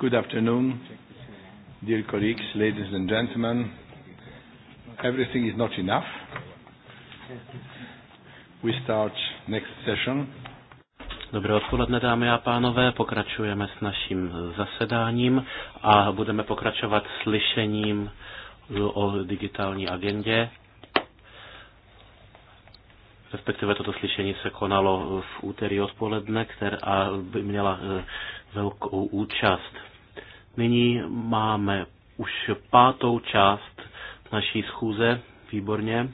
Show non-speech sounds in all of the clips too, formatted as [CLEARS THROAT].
Good afternoon, dear colleagues, ladies and gentlemen. Everything is not enough. We start next session. Dobré odpoledne, dámy a pánové. Pokračujeme s naším zasedáním a budeme pokračovat slyšením o digitální agendě. Respektive toto slyšení se konalo v úterý odpoledne, která měla eh, velkou účast. Nyní máme už pátou část naší schůze. Výborně.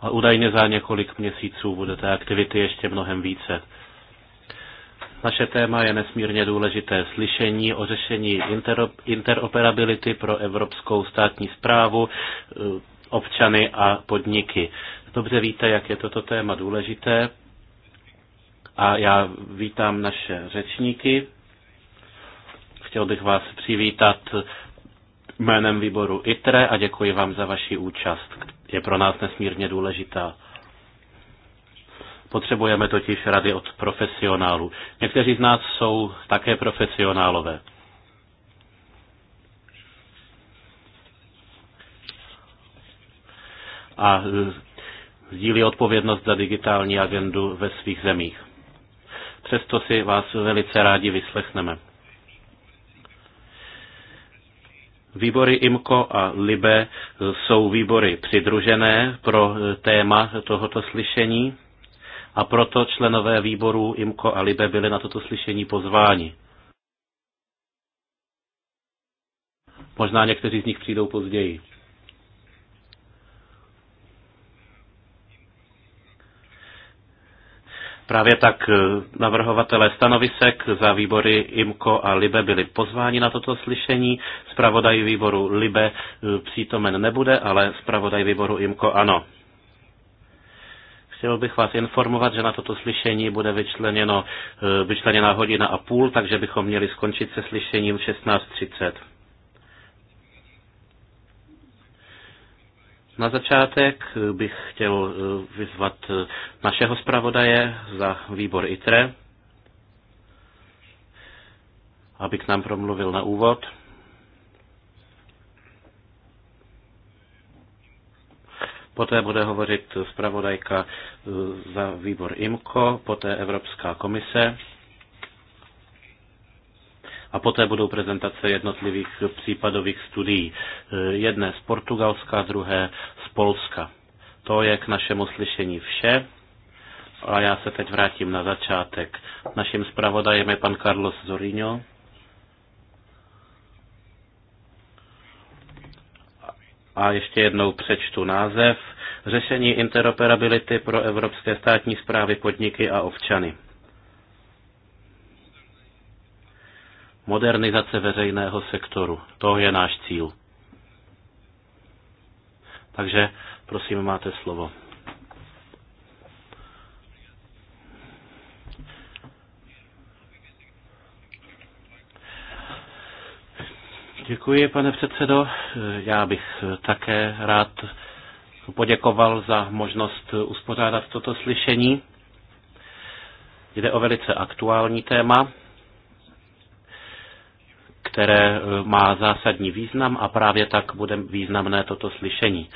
A údajně za několik měsíců bude té aktivity ještě mnohem více. Naše téma je nesmírně důležité slyšení o řešení interoperability pro evropskou státní zprávu, eh, občany a podniky. Dobře víte, jak je toto téma důležité a já vítám naše řečníky. Chtěl bych vás přivítat jménem výboru ITRE a děkuji vám za vaši účast. Je pro nás nesmírně důležitá. Potřebujeme totiž rady od profesionálů. Někteří z nás jsou také profesionálové. A sdílí odpovědnost za digitální agendu ve svých zemích. Přesto si vás velice rádi vyslechneme. Výbory IMCO a LIBE jsou výbory přidružené pro téma tohoto slyšení a proto členové výborů IMCO a LIBE byli na toto slyšení pozváni. Možná někteří z nich přijdou později. Právě tak eh, navrhovatelé stanovisek za výbory IMKO a LIBE byli pozváni na toto slyšení. Zpravodaj výboru LIBE eh, přítomen nebude, ale zpravodaj výboru IMKO ano. Chtěl bych vás informovat, že na toto slyšení bude vyčleněno, eh, vyčleněna hodina a půl, takže bychom měli skončit se slyšením 16.30. Na začátek bych chtěl eh, vyzvat eh, našeho zpravodaje za výbor ITRE, aby k nám promluvil na úvod. Poté bude hovořit zpravodajka eh, za výbor IMCO, poté Evropská komise a poté budou prezentace jednotlivých případových studií. Eh, jedné z Portugalska, druhé z Polska. To je k našemu slyšení vše. A já se teď vrátím na začátek. Naším zpravodajem je pan Carlos Zorino. A ještě jednou přečtu název. Řešení interoperability pro evropské státní zprávy, podniky a občany. modernizace veřejného sektoru. To je náš cíl. Takže prosím, máte slovo. Děkuji, pane předsedo. Já bych také rád poděkoval za možnost uspořádat toto slyšení. Jde o velice aktuální téma které e, má zásadní význam a právě tak bude významné toto slyšení.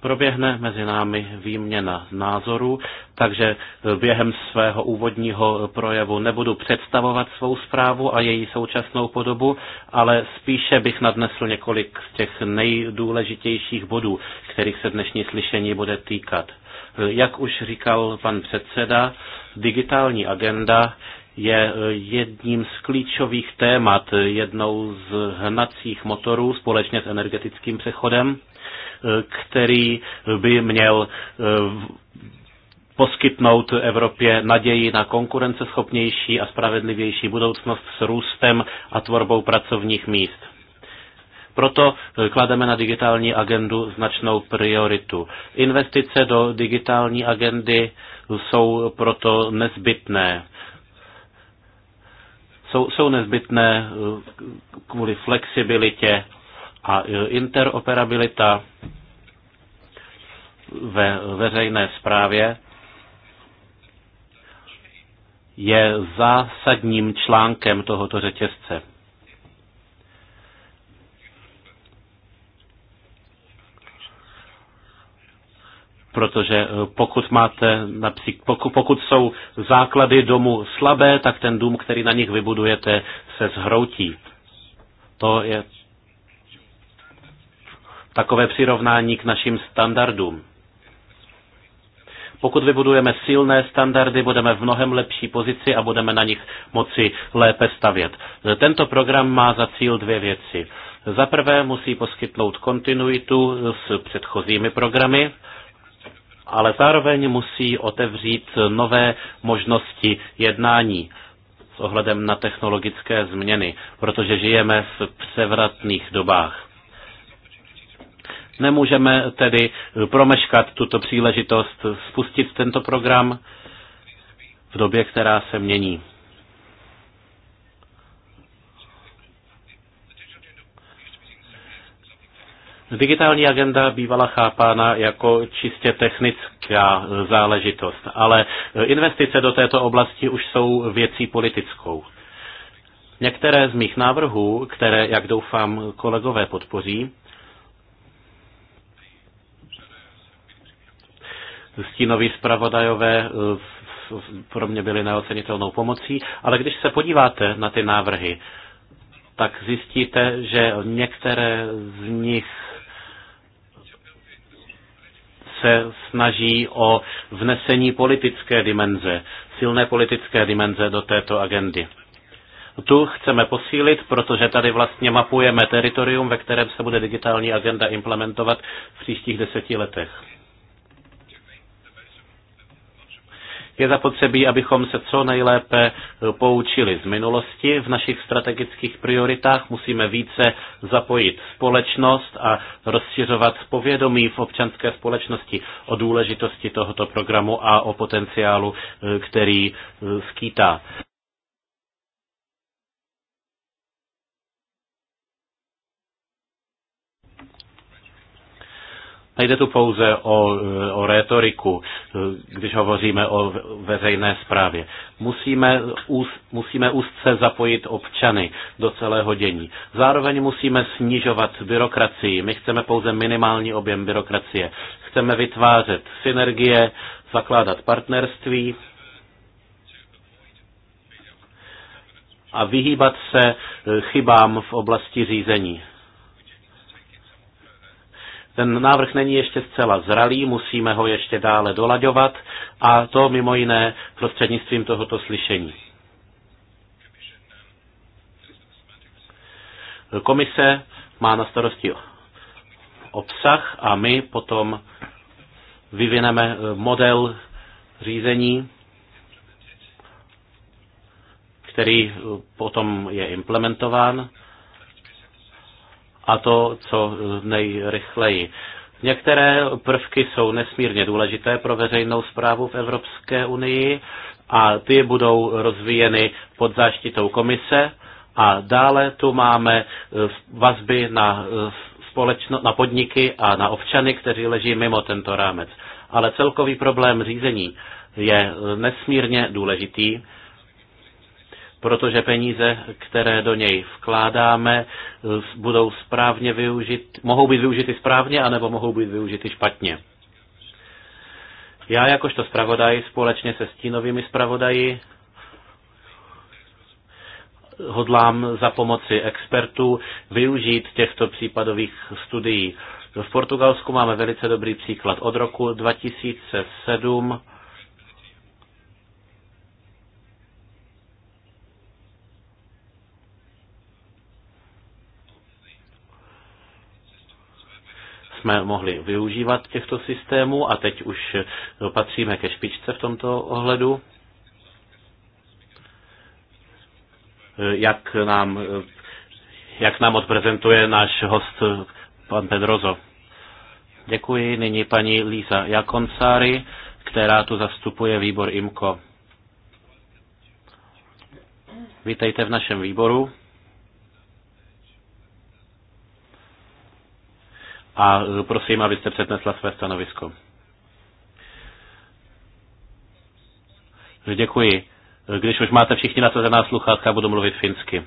Proběhne mezi námi výměna názorů, takže e, během svého úvodního projevu nebudu představovat svou zprávu a její současnou podobu, ale spíše bych nadnesl několik z těch nejdůležitějších bodů, kterých se dnešní slyšení bude týkat. E, jak už říkal pan předseda, digitální agenda je eh, jedním z klíčových témat, eh, jednou z hnacích motorů společně s energetickým přechodem, eh, který by měl poskytnout Evropě naději na konkurenceschopnější a spravedlivější budoucnost s růstem a tvorbou pracovních míst. Proto klademe na digitální agendu značnou prioritu. Investice do digitální agendy jsou proto nezbytné jsou, jsou nezbytné eh, kvůli flexibilitě a eh, interoperabilita ve veřejné správě je zásadním článkem tohoto řetězce. protože eh, pokud, máte, pokud, jsou základy domu slabé, tak ten dům, který na nich vybudujete, se zhroutí. To je takové přirovnání k našim standardům. Pokud vybudujeme silné standardy, budeme v mnohem lepší pozici a budeme na nich moci lépe stavět. Tento program má za cíl dvě věci. Za prvé musí poskytnout kontinuitu s předchozími programy, ale zároveň musí otevřít nové možnosti jednání s ohledem na technologické změny, protože žijeme v převratných dobách. Nemůžeme tedy promeškat tuto příležitost spustit tento program v době, která se mění. Digitální agenda bývala chápána jako čistě technická záležitost, ale eh, investice do této oblasti už jsou věcí politickou. Některé z mých návrhů, které, jak doufám, kolegové podpoří, stínoví zpravodajové eh, pro mě byly neocenitelnou pomocí, ale když se podíváte na ty návrhy, tak zjistíte, že některé z nich se snaží o vnesení politické dimenze, silné politické dimenze do této agendy. Tu chceme posílit, protože tady vlastně mapujeme teritorium, ve kterém se bude digitální agenda implementovat v příštích deseti letech. Je zapotřebí, abychom se co nejlépe eh, poučili z minulosti v našich strategických prioritách. Musíme více zapojit společnost a rozšiřovat povědomí v občanské společnosti o důležitosti tohoto programu a o potenciálu, eh, který eh, skýtá. Nejde tu pouze o, o rétoriku, když hovoříme o veřejné správě. Musíme, ús, musíme úzce zapojit občany do celého dění. Zároveň musíme snižovat byrokracii. My chceme pouze minimální objem byrokracie. Chceme vytvářet synergie, zakládat partnerství a vyhýbat se chybám v oblasti řízení. Ten návrh není ještě zcela zralý, musíme ho ještě dále dolaďovat a to mimo jiné prostřednictvím tohoto slyšení. Komise má na starosti obsah a my potom vyvineme eh, model řízení, který eh, potom je implementován a to co nejrychleji. Některé prvky jsou nesmírně důležité pro veřejnou zprávu v Evropské unii a ty budou rozvíjeny pod záštitou komise. A dále tu máme eh, vazby na, eh, společno, na podniky a na občany, kteří leží mimo tento rámec. Ale celkový problém řízení je eh, nesmírně důležitý protože peníze, které do něj vkládáme, budou správně využit, mohou být využity správně, anebo mohou být využity špatně. Já jakožto zpravodaj společně se stínovými zpravodaji hodlám za pomoci expertů využít těchto případových studií. V Portugalsku máme velice dobrý příklad. Od roku 2007 jsme mohli využívat těchto systémů a teď už patříme ke špičce v tomto ohledu. Jak nám, jak nám odprezentuje náš host pan Pedrozo. Děkuji. Nyní paní Lisa Jakoncári, která tu zastupuje výbor IMKO. Vítejte v našem výboru. a prosím, abyste přednesla své stanovisko. Děkuji. Když už máte všichni nasazená sluchátka, budu mluvit finsky.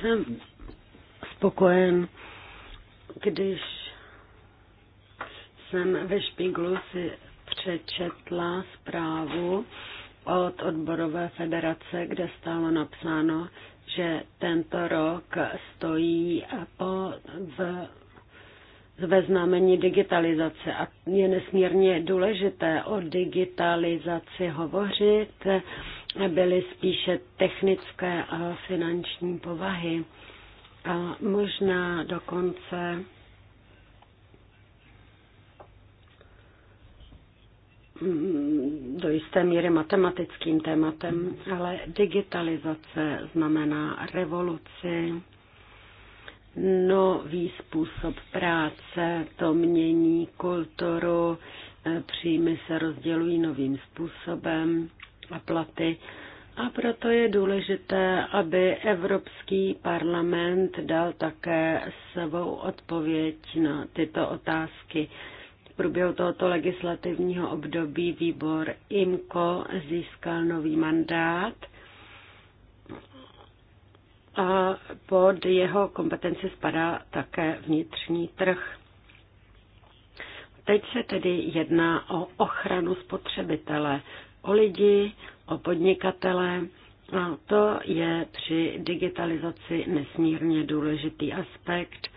Jsem spokojen, když jsem ve Špinglu si přečetla zprávu od odborové federace, kde stálo napsáno, že tento rok stojí po, v, ve znamení digitalizace a je nesmírně důležité o digitalizaci hovořit. Byly spíše technické a finanční povahy a možná dokonce Mm, do jisté míry matematickým tématem, ale digitalizace znamená revoluci, nový způsob práce, to mění kulturu, eh, příjmy se rozdělují novým způsobem a platy. A proto je důležité, aby Evropský parlament dal také svou odpověď na tyto otázky. V průběhu tohoto legislativního období výbor IMCO získal nový mandát a pod jeho kompetenci spadá také vnitřní trh. Teď se tedy jedná o ochranu spotřebitele, o lidi, o podnikatele. A to je při digitalizaci nesmírně důležitý aspekt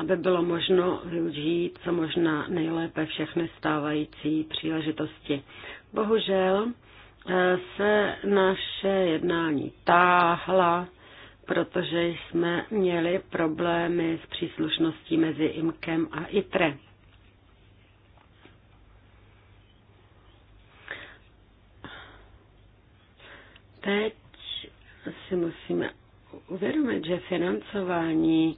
aby bylo možno využít co možná nejlépe všechny stávající příležitosti. Bohužel eh, se naše jednání táhla, protože jsme měli problémy s příslušností mezi IMKem a ITRE. Teď si musíme uvědomit, že financování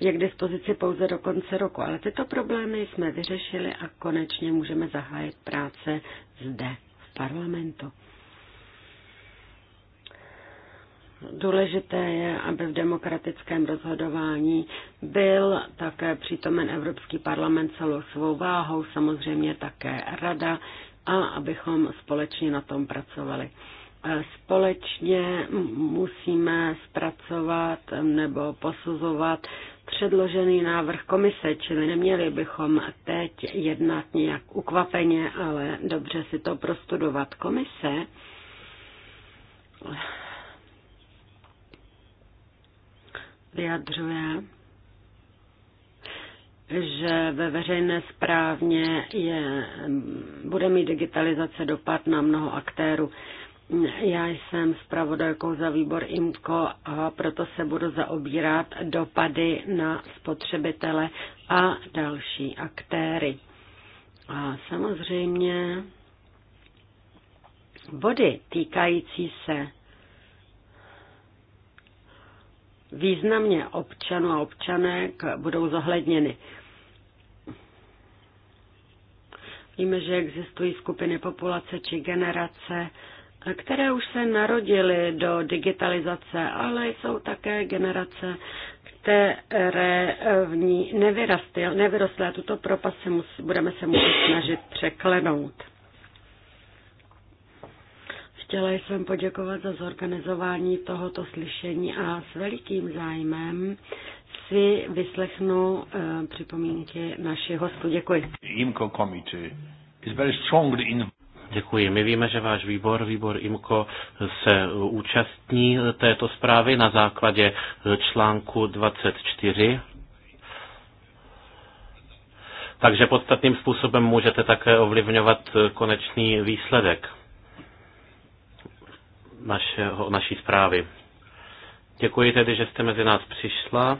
je k dispozici pouze do konce roku. Ale tyto problémy jsme vyřešili a konečně můžeme zahájit práce zde v parlamentu. Důležité je, aby v demokratickém rozhodování byl také přítomen Evropský parlament celou svou váhou, samozřejmě také Rada, a abychom společně na tom pracovali. E, společně musíme zpracovat nebo posuzovat předložený návrh komise, čili neměli bychom teď jednat nějak ukvapeně, ale dobře si to prostudovat. Komise vyjadřuje, že ve veřejné správně je, bude mít digitalizace dopad na mnoho aktérů. Já jsem zpravodajkou za výbor IMCO a proto se budu zaobírat dopady na spotřebitele a další aktéry. A samozřejmě body týkající se významně občanů a občanek budou zohledněny. Víme, že existují skupiny populace či generace, které už se narodily do digitalizace, ale jsou také generace, které v ní nevyrostly. nevyrostly a tuto propast se mus, budeme se muset snažit překlenout. Chtěla jsem poděkovat za zorganizování tohoto slyšení a s velikým zájmem si vyslechnu eh, připomínky našich hostů. Děkuji. Imko komity is very strongly in... Děkuji. My víme, že váš výbor, výbor IMKO, se účastní této zprávy na základě článku 24 takže podstatným způsobem můžete také ovlivňovat konečný výsledek našeho, naší zprávy. Děkuji tedy, že jste mezi nás přišla.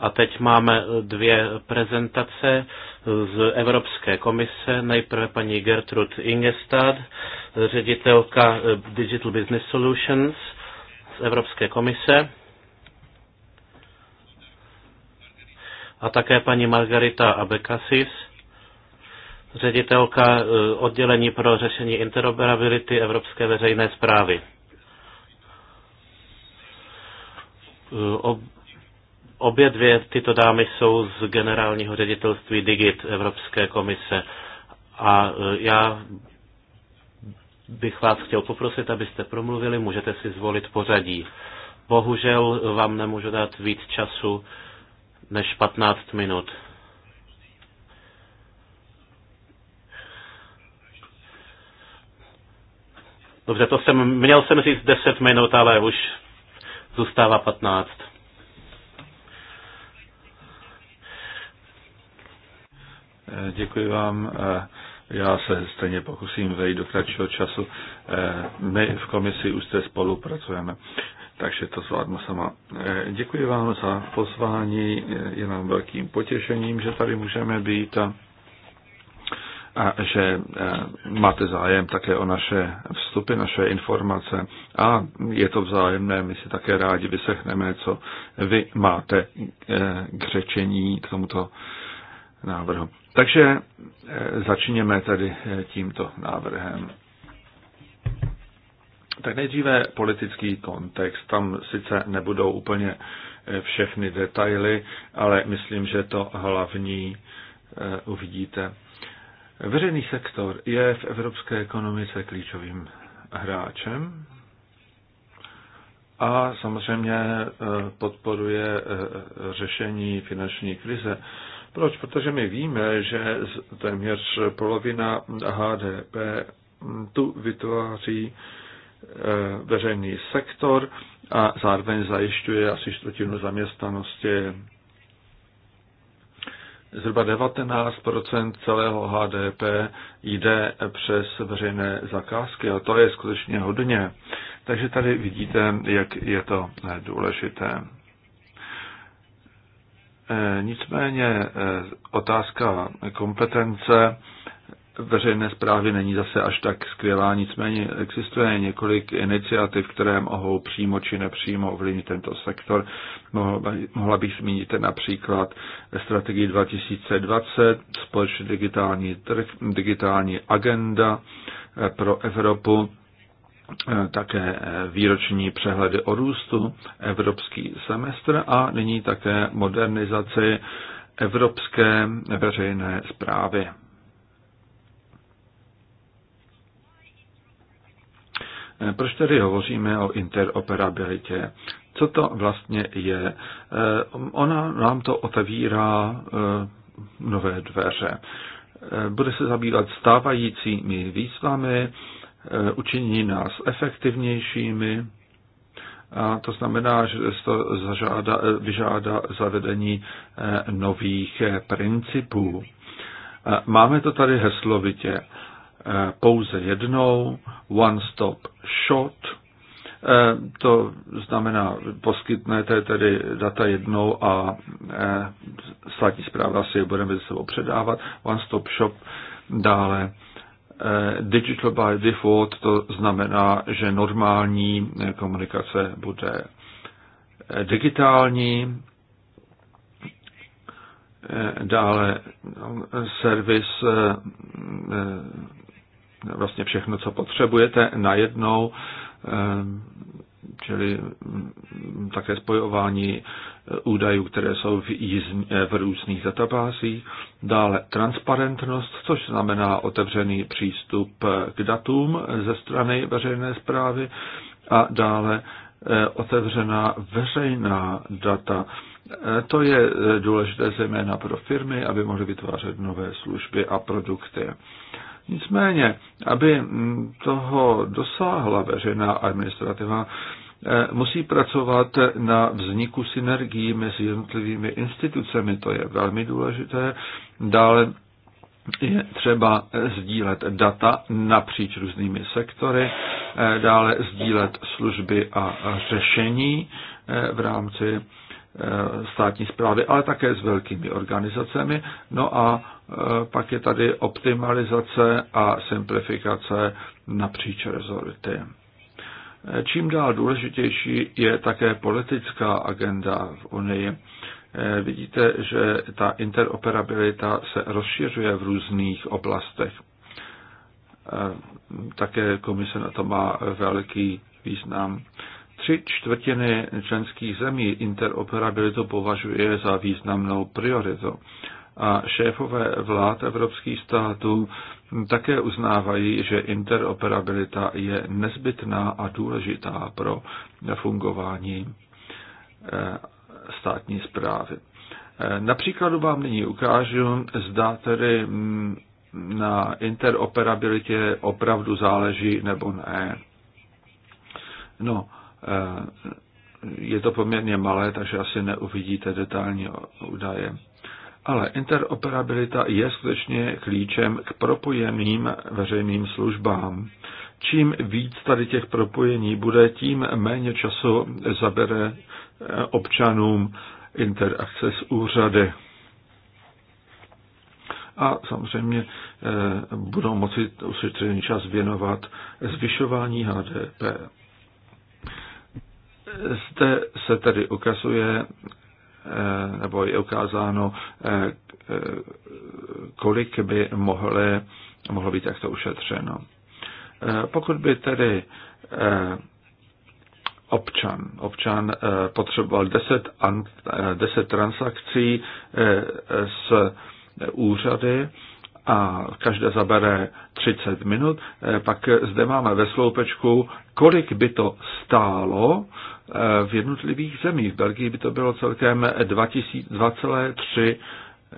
A teď máme dvě prezentace z Evropské komise. Nejprve paní Gertrud Ingestad, ředitelka Digital Business Solutions z Evropské komise. A také paní Margarita Abekasis, ředitelka eh, oddělení pro řešení interoperability Evropské veřejné zprávy. Eh, Obě dvě tyto dámy jsou z generálního ředitelství Digit Evropské komise. A e, já bych vás chtěl poprosit, abyste promluvili, můžete si zvolit pořadí. Bohužel vám nemůžu dát víc času než 15 minut. Dobře, to jsem, měl jsem říct 10 minut, ale už zůstává 15. Eh, děkuji vám. Eh, já se stejně pokusím vejít do kratšího času. Eh, my v komisi už se spolupracujeme, takže to zvládnu sama. Děkuji vám za pozvání, je nám velkým potěšením, že tady můžeme být a, a že máte zájem také o naše vstupy, naše informace a je to vzájemné, my si také rádi vysechneme, co vy máte k řečení k tomuto návrhu. Takže eh, začněme tady eh, tímto návrhem. Tak nejdříve politický kontext. Tam sice nebudou úplně eh, všechny detaily, ale myslím, že to hlavní uvidíte. Veřejný sektor je v evropské ekonomice klíčovým hráčem a samozřejmě podporuje řešení finanční krize. Proč? Protože my víme, že téměř polovina HDP tu vytváří eh, veřejný sektor a zároveň zajišťuje asi čtvrtinu zaměstnanosti. Zhruba 19 celého HDP jde přes veřejné zakázky a to je skutečně hodně. Takže tady vidíte, jak je to eh, důležité. Eh, nicméně eh, otázka kompetence veřejné zprávy není zase až tak skvělá, nicméně existuje několik iniciativ, které mohou přímo či nepřímo ovlivnit tento sektor. Mohla bych zmínit například strategii 2020, společný digitální trh, digitální agenda eh, pro Evropu, Eh, také eh, výroční přehledy o růstu, evropský semestr a nyní také modernizaci evropské veřejné zprávy. Eh, proč tedy hovoříme o interoperabilitě? Co to vlastně je? Ona nám to otevírá nové dveře. Bude se zabývat stávajícími výzvami, Eh, učiní nás efektivnějšími, a to znamená, že to zažáda, eh, vyžádá zavedení eh, nových principů. Máme to tady heslovitě pouze jednou, one stop shot, to znamená, poskytnete tedy data jednou a státní zpráva si je bude mezi sebou předávat, one stop shop, dále Eh, digital by default to znamená, že normální eh, komunikace bude eh, digitální. Dále no, servis, vlastně všechno, co potřebujete, najednou čili mm, také spojování e, údajů, které jsou v, e, v různých databázích, dále transparentnost, což znamená otevřený přístup e, k datům ze strany veřejné zprávy a dále otevřená veřejná data. To je důležité zejména pro firmy, aby mohly vytvářet nové služby a produkty. Nicméně, aby toho dosáhla veřejná administrativa, Eh, musí pracovat na vzniku synergií mezi jednotlivými institucemi, to je velmi důležité. Dále je třeba sdílet data napříč různými sektory, eh, dále sdílet služby a řešení eh, v rámci státní zprávy, ale také s velkými organizacemi. No a pak je tady optimalizace a simplifikace napříč rezorty. Čím dál důležitější je také politická agenda v Unii. Vidíte, že ta interoperabilita se rozšiřuje v různých oblastech. Také komise na to má velký význam. Tři čtvrtiny členských zemí interoperabilitu považuje za významnou prioritu a šéfové vlád evropských států také uznávají, že interoperabilita je nezbytná a důležitá pro fungování eh, státní zprávy. Eh, na příkladu vám nyní ukážu, zda tedy mm, na interoperabilitě opravdu záleží nebo ne. No, eh, je to poměrně malé, takže asi neuvidíte detailní údaje. Ale interoperabilita je skutečně klíčem k propojeným veřejným službám. Čím víc tady těch propojení bude, tím méně času zabere eh, občanům interakce s úřady. A samozřejmě eh, budou moci ušetřený čas věnovat zvyšování HDP. Zde se tedy ukazuje, Eh, nebo je ukázáno, eh, eh, kolik by mohly, mohlo být takto ušetřeno. Pokud by tedy občan, občan potřeboval 10, 10 transakcí s úřady, a každé zabere 30 minut, eh, pak zde máme ve sloupečku, kolik by to stálo eh, v jednotlivých zemích. V Belgii by to bylo celkem 2,3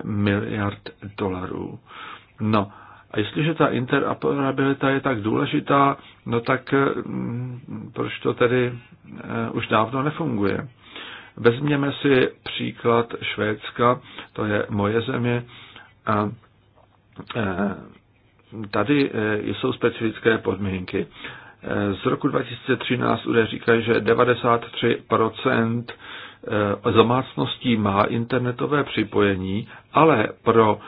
miliard dolarů. No, a jestliže ta interoperabilita je tak důležitá, no tak eh, proč to tedy už dávno nefunguje? Vezměme si příklad Švédska, to je moje země, a Eh, tady eh, jsou specifické podmínky. Eh, z roku 2013 údaje říkají, že 93% domácností má internetové připojení, ale pro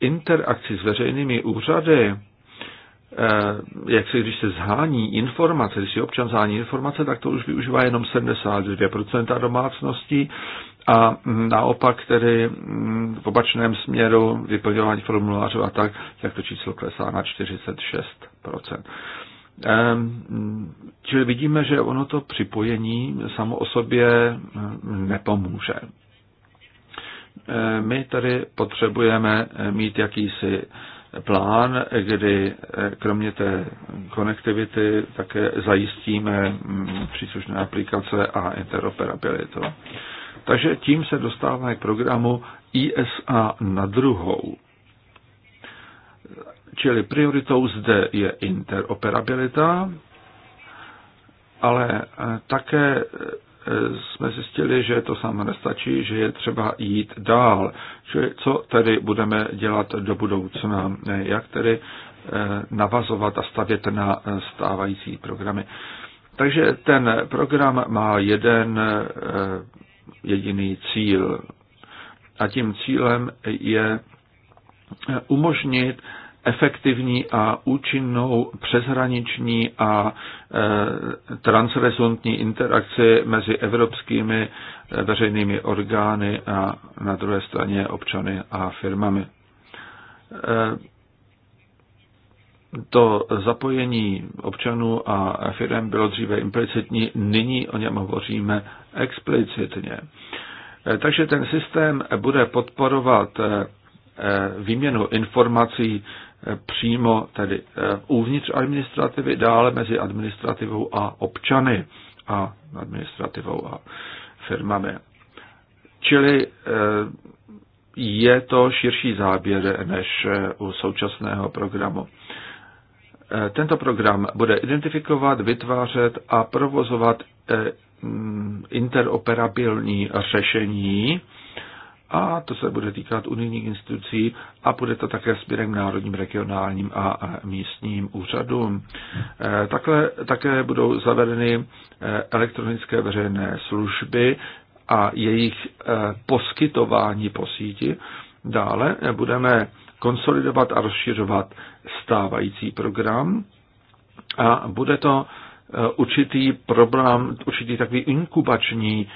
interakci s veřejnými úřady Eh, jak se když se zhání informace, když si občan zhání informace, tak to už využívá jenom 72% domácností a naopak tedy mm, v opačném směru vyplňování formulářů a tak, tak to číslo klesá na 46%. Ehm, čili vidíme, že ono to připojení samo o sobě mm, nepomůže. Eh, my tady potřebujeme mít jakýsi plán, kdy eh, kromě té konektivity také zajistíme mm, příslušné aplikace a interoperabilitu. Takže tím se dostáváme k programu ISA na druhou. Čili prioritou zde je interoperabilita, ale eh, také eh, jsme zjistili, že to samo nestačí, že je třeba jít dál. Čili co tedy budeme dělat do budoucna? Jak tedy eh, navazovat a stavět na eh, stávající programy? Takže ten program má jeden eh, jediný cíl. A tím cílem je umožnit efektivní a účinnou přeshraniční a e, transrezontní interakci mezi evropskými e, veřejnými orgány a na druhé straně občany a firmami. E, to zapojení občanů a firm bylo dříve implicitní, nyní o něm hovoříme explicitně. E, takže ten systém bude podporovat e, Eh, výměnu informací eh, přímo tedy eh, uvnitř administrativy, dále mezi administrativou a občany a administrativou a firmami. Čili je to širší záběr než u současného programu. Tento program bude identifikovat, vytvářet a provozovat mm, interoperabilní řešení a to se bude týkat unijních institucí a bude to také směrem národním, regionálním a místním úřadům. E, takhle také budou zavedeny e, elektronické veřejné služby a jejich e, poskytování po síti. Dále budeme konsolidovat a rozšiřovat stávající program a bude to určitý problém, určitý takový inkubační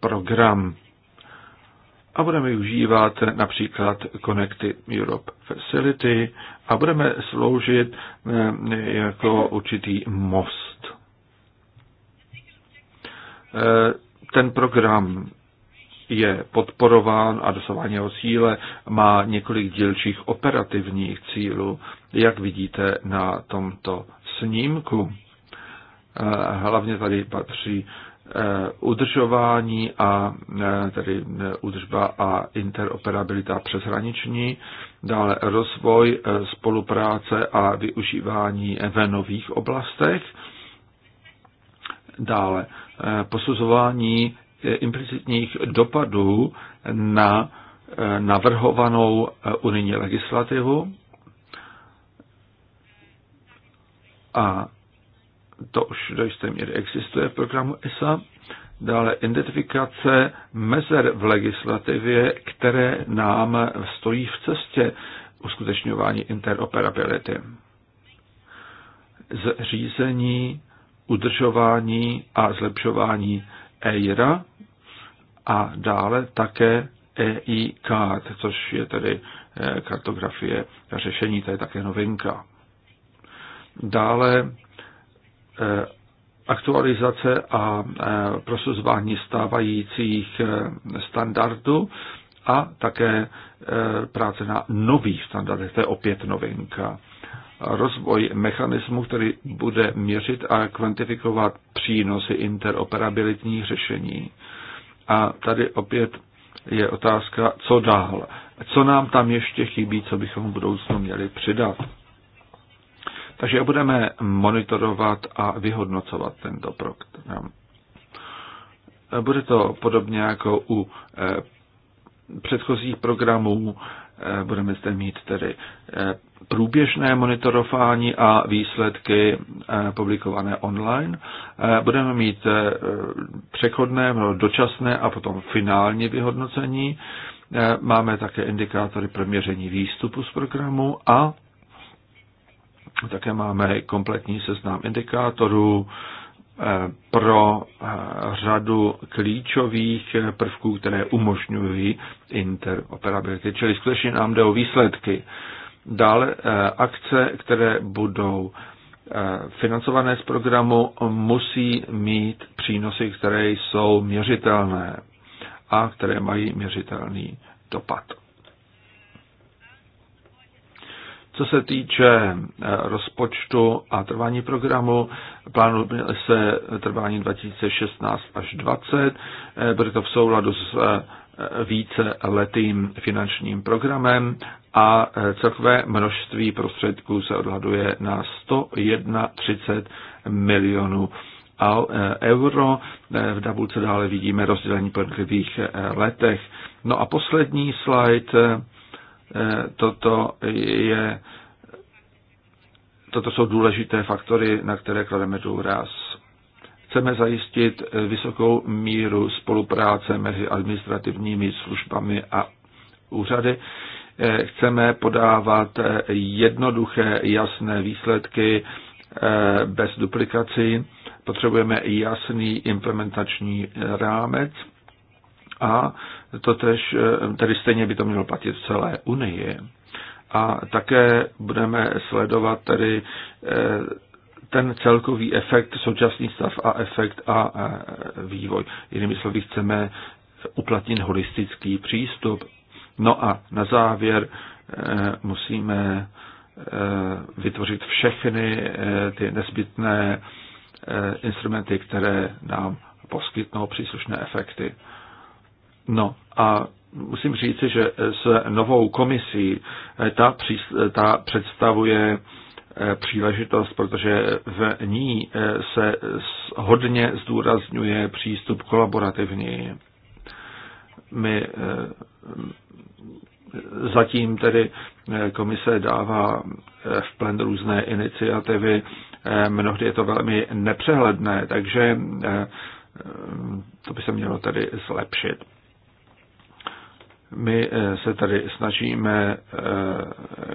program a budeme užívat například Connected Europe Facility a budeme sloužit eh, jako určitý most. Eh, ten program je podporován a dosahování jeho cíle má několik dílčích operativních cílů, jak vidíte na tomto snímku. Eh, hlavně tady patří Eh, udržování a eh, tedy udržba eh, a interoperabilita přeshraniční, dále rozvoj spolupráce a využívání ve nových oblastech, dále posuzování implicitních dopadů na navrhovanou unijní legislativu a to už do jisté míry existuje v programu ESA, dále identifikace mezer v legislativě, které nám stojí v cestě uskutečňování interoperability. Zřízení, udržování a zlepšování EIRA a dále také EI-card, což je tedy eh, kartografie a řešení, to je také novinka. Dále Eh, aktualizace a eh, prosuzování stávajících eh, standardů a také práce na nových standardech. To je opět novinka. Rozvoj mechanismu, který bude měřit a kvantifikovat přínosy interoperabilitních řešení. A tady opět je otázka, co dál. Co nám tam ještě chybí, co bychom v budoucnu měli přidat. Takže budeme monitorovat a vyhodnocovat tento program. No. Bude to podobně jako u eh, předchozích programů, eh, budeme zde mít tedy eh, průběžné monitorování a výsledky publikované online. Budeme mít přechodné, no, dočasné a potom finální vyhodnocení. Máme také indikátory pro měření výstupu z programu a také máme kompletní seznam indikátorů eh, pro eh, řadu klíčových eh, prvků, které umožňují interoperability. Čili skutečně nám jde o výsledky. Dále akce, které budou financované z programu, musí mít přínosy, které jsou měřitelné a které mají měřitelný dopad. Co se týče eh, rozpočtu a trvání programu, plánuje se trvání 2016 až 2020, eh, bude to v souladu s eh, více letým finančním programem a celkové množství prostředků se odhaduje na 131 milionů euro. V tabulce dále vidíme rozdělení po jednotlivých letech. No a poslední slide Eh, toto je Toto jsou důležité faktory, na které klademe důraz. Chceme zajistit eh, vysokou míru spolupráce mezi administrativními službami a úřady. Eh, chceme podávat jednoduché, jasné výsledky bez duplikací. Potřebujeme jasný implementační rámec a tež, eh, tedy stejně by to mělo platit v celé Unii. A také budeme sledovat tedy eh, ten celkový efekt, současný stav a efekt a eh, vývoj. Jinými slovy, chceme uplatnit holistický přístup. No a na závěr musíme vytvořit všechny ty nezbytné instrumenty, které nám poskytnou příslušné efekty. No a musím říci, že s novou komisí eh, ta, při, eh, ta představuje eh, příležitost, protože v ní se hodně zdůrazňuje přístup kolaborativní. My zatím tedy komise dává v plen různé iniciativy, mnohdy je to velmi nepřehledné, takže to by se mělo tedy zlepšit. My eh, se tady snažíme, eh,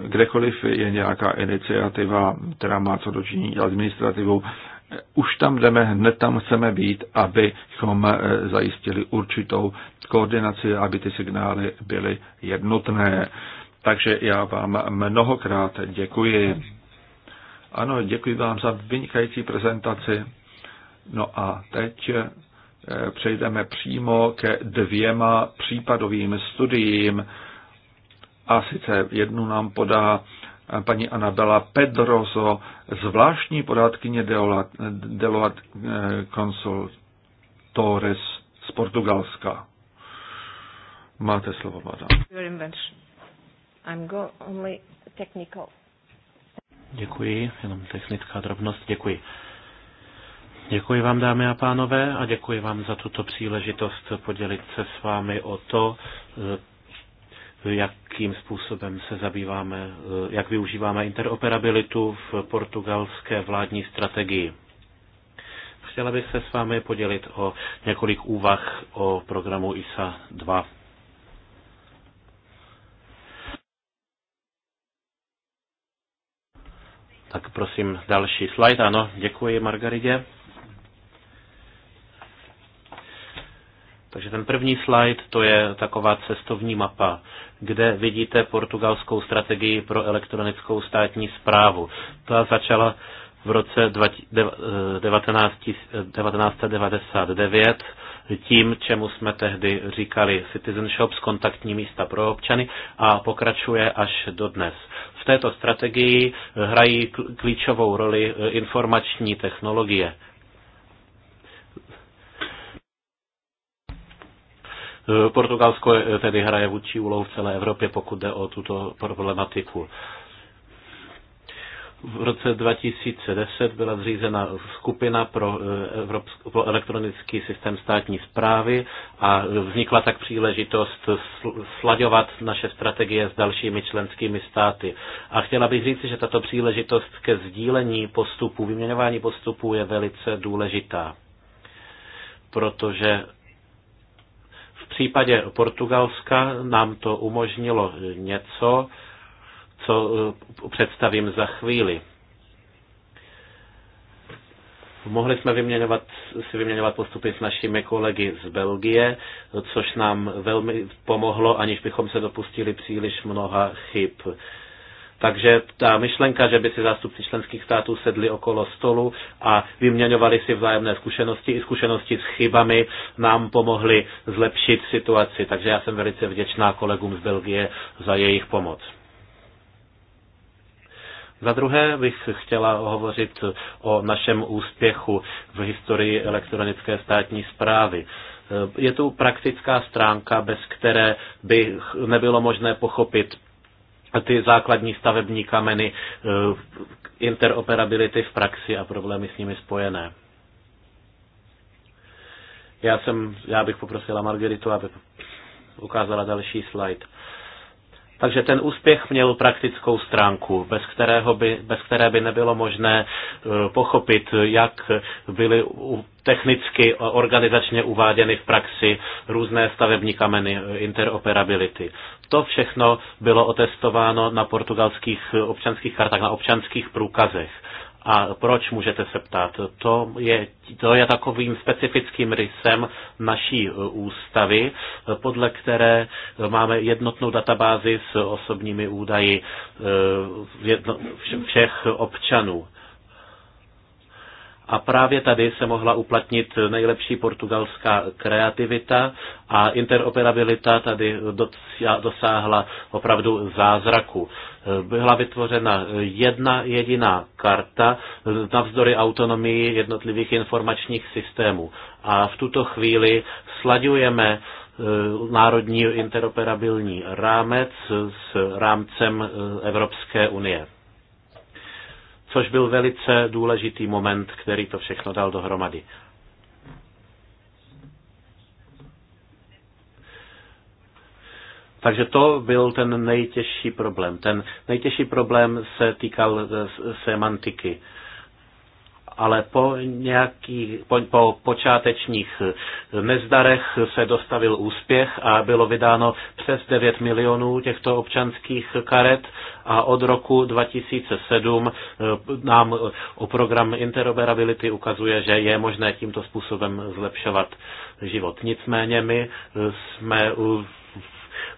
kdekoliv je nějaká iniciativa, která má co dočinit administrativou, eh, už tam jdeme, hned tam chceme být, abychom zajistili určitou koordinaci, aby ty signály byly jednotné. Takže já vám mnohokrát děkuji. Ano, děkuji vám za vynikající prezentaci. No a teď Eh, přejdeme přímo ke dvěma případovým studiím. A sice jednu nám podá eh, paní Anabela Pedroso, zvláštní podátkyně Deloat eh, Consul Torres z Portugalska. Máte slovo, madam. Děkuji, jenom technická drobnost, děkuji. Děkuji vám, dámy a pánové, a děkuji vám za tuto příležitost podělit se s vámi o to, eh, jakým způsobem se zabýváme, eh, jak využíváme interoperabilitu v portugalské vládní strategii. Chtěla bych se s vámi podělit o několik úvah o programu ISA 2. Tak prosím další slide. Ano, děkuji Margaridě. Takže ten první slide to je taková cestovní mapa, kde vidíte portugalskou strategii pro elektronickou státní zprávu. Ta začala v roce 1999 eh, eh, tím, čemu jsme tehdy říkali Citizen Shops, kontaktní místa pro občany a pokračuje až do dnes. V této strategii hrají klíčovou roli eh, informační technologie Portugalsko eh, tedy hraje vůči úlohu v celé Evropě, pokud jde o tuto problematiku. V roce 2010 byla zřízena skupina pro, eh, Evropsk- pro elektronický systém státní zprávy a vznikla tak příležitost slaďovat naše strategie s dalšími členskými státy. A chtěla bych říct, že tato příležitost ke sdílení postupů, vyměňování postupů je velice důležitá, protože případě Portugalska nám to umožnilo něco, co eh, představím za chvíli. Mohli jsme vyměňovat, si vyměňovat postupy s našimi kolegy z Belgie, což nám velmi pomohlo, aniž bychom se dopustili příliš mnoha chyb. Takže ta myšlenka, že by si zástupci členských států sedli okolo stolu a vyměňovali si vzájemné zkušenosti i zkušenosti s chybami, nám pomohly zlepšit situaci. Takže já jsem velice vděčná kolegům z Belgie za jejich pomoc. Za druhé bych chtěla hovořit o našem úspěchu v historii elektronické státní zprávy. Je tu praktická stránka, bez které by nebylo možné pochopit ty základní stavební kameny e, interoperability v praxi a problémy s nimi spojené. Já, jsem, já bych poprosila Margeritu, aby ukázala další slide. Takže ten úspěch měl praktickou stránku, bez, kterého by, bez které by nebylo možné e, pochopit, jak byly technicky organizačně uváděny v praxi různé stavební kameny e, interoperability. To všechno bylo otestováno na portugalských občanských kartách, na občanských průkazech. A proč, můžete se ptát? To je, to je takovým specifickým rysem naší e, ústavy, e, podle které máme jednotnou databázi s osobními údaji e, všech občanů. A právě tady se mohla uplatnit nejlepší portugalská kreativita a interoperabilita tady dosáhla opravdu zázraku. Byla vytvořena jedna jediná karta navzdory autonomii jednotlivých informačních systémů. A v tuto chvíli slaďujeme e, národní interoperabilní rámec s rámcem e, Evropské unie což byl velice důležitý moment, který to všechno dal dohromady. Takže to byl ten nejtěžší problém. Ten nejtěžší problém se týkal eh, semantiky ale po, nějakých, po, po počátečních nezdarech se dostavil úspěch a bylo vydáno přes 9 milionů těchto občanských karet a od roku 2007 eh, nám o program interoperability ukazuje, že je možné tímto způsobem zlepšovat život. Nicméně my eh, jsme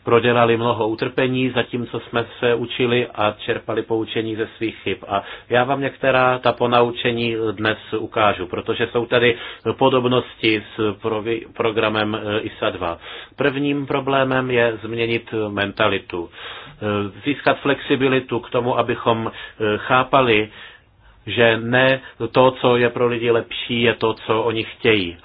prodělali mnoho utrpení, zatímco jsme se učili a čerpali poučení ze svých chyb. A já vám některá ta ponaučení dnes ukážu, protože jsou tady podobnosti s programem eh, ISA 2. Prvním problémem je změnit mentalitu. Eh, získat flexibilitu k tomu, abychom eh, chápali, že ne to, co je pro lidi lepší, je to, co oni chtějí.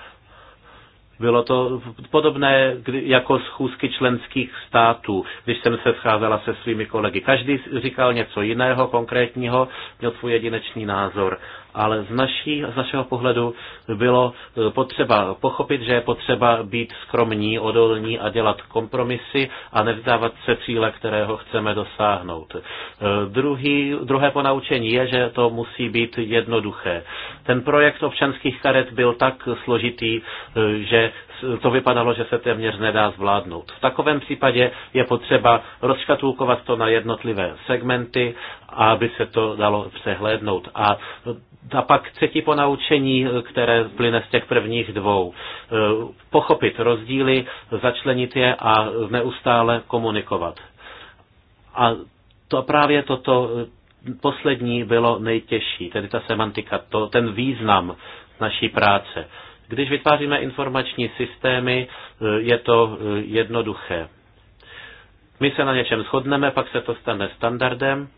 Bylo to podobné jako schůzky členských států, když jsem se scházela se svými kolegy. Každý říkal něco jiného, konkrétního, měl svůj jedinečný názor ale z, naší, z našeho pohledu bylo eh, potřeba pochopit, že je potřeba být skromní, odolní a dělat kompromisy a nevzdávat se cíle, kterého chceme dosáhnout. Eh, druhý, druhé ponaučení je, že to musí být jednoduché. Ten projekt občanských karet byl tak složitý, eh, že to vypadalo, že se téměř nedá zvládnout. V takovém případě je potřeba rozškatulkovat to na jednotlivé segmenty, aby se to dalo přehlédnout. A a pak třetí ponaučení, které plyne z těch prvních dvou. E, pochopit rozdíly, začlenit je a neustále komunikovat. A to právě toto poslední bylo nejtěžší, tedy ta semantika, to, ten význam naší práce. Když vytváříme informační systémy, e, je to e, jednoduché. My se na něčem shodneme, pak se to stane standardem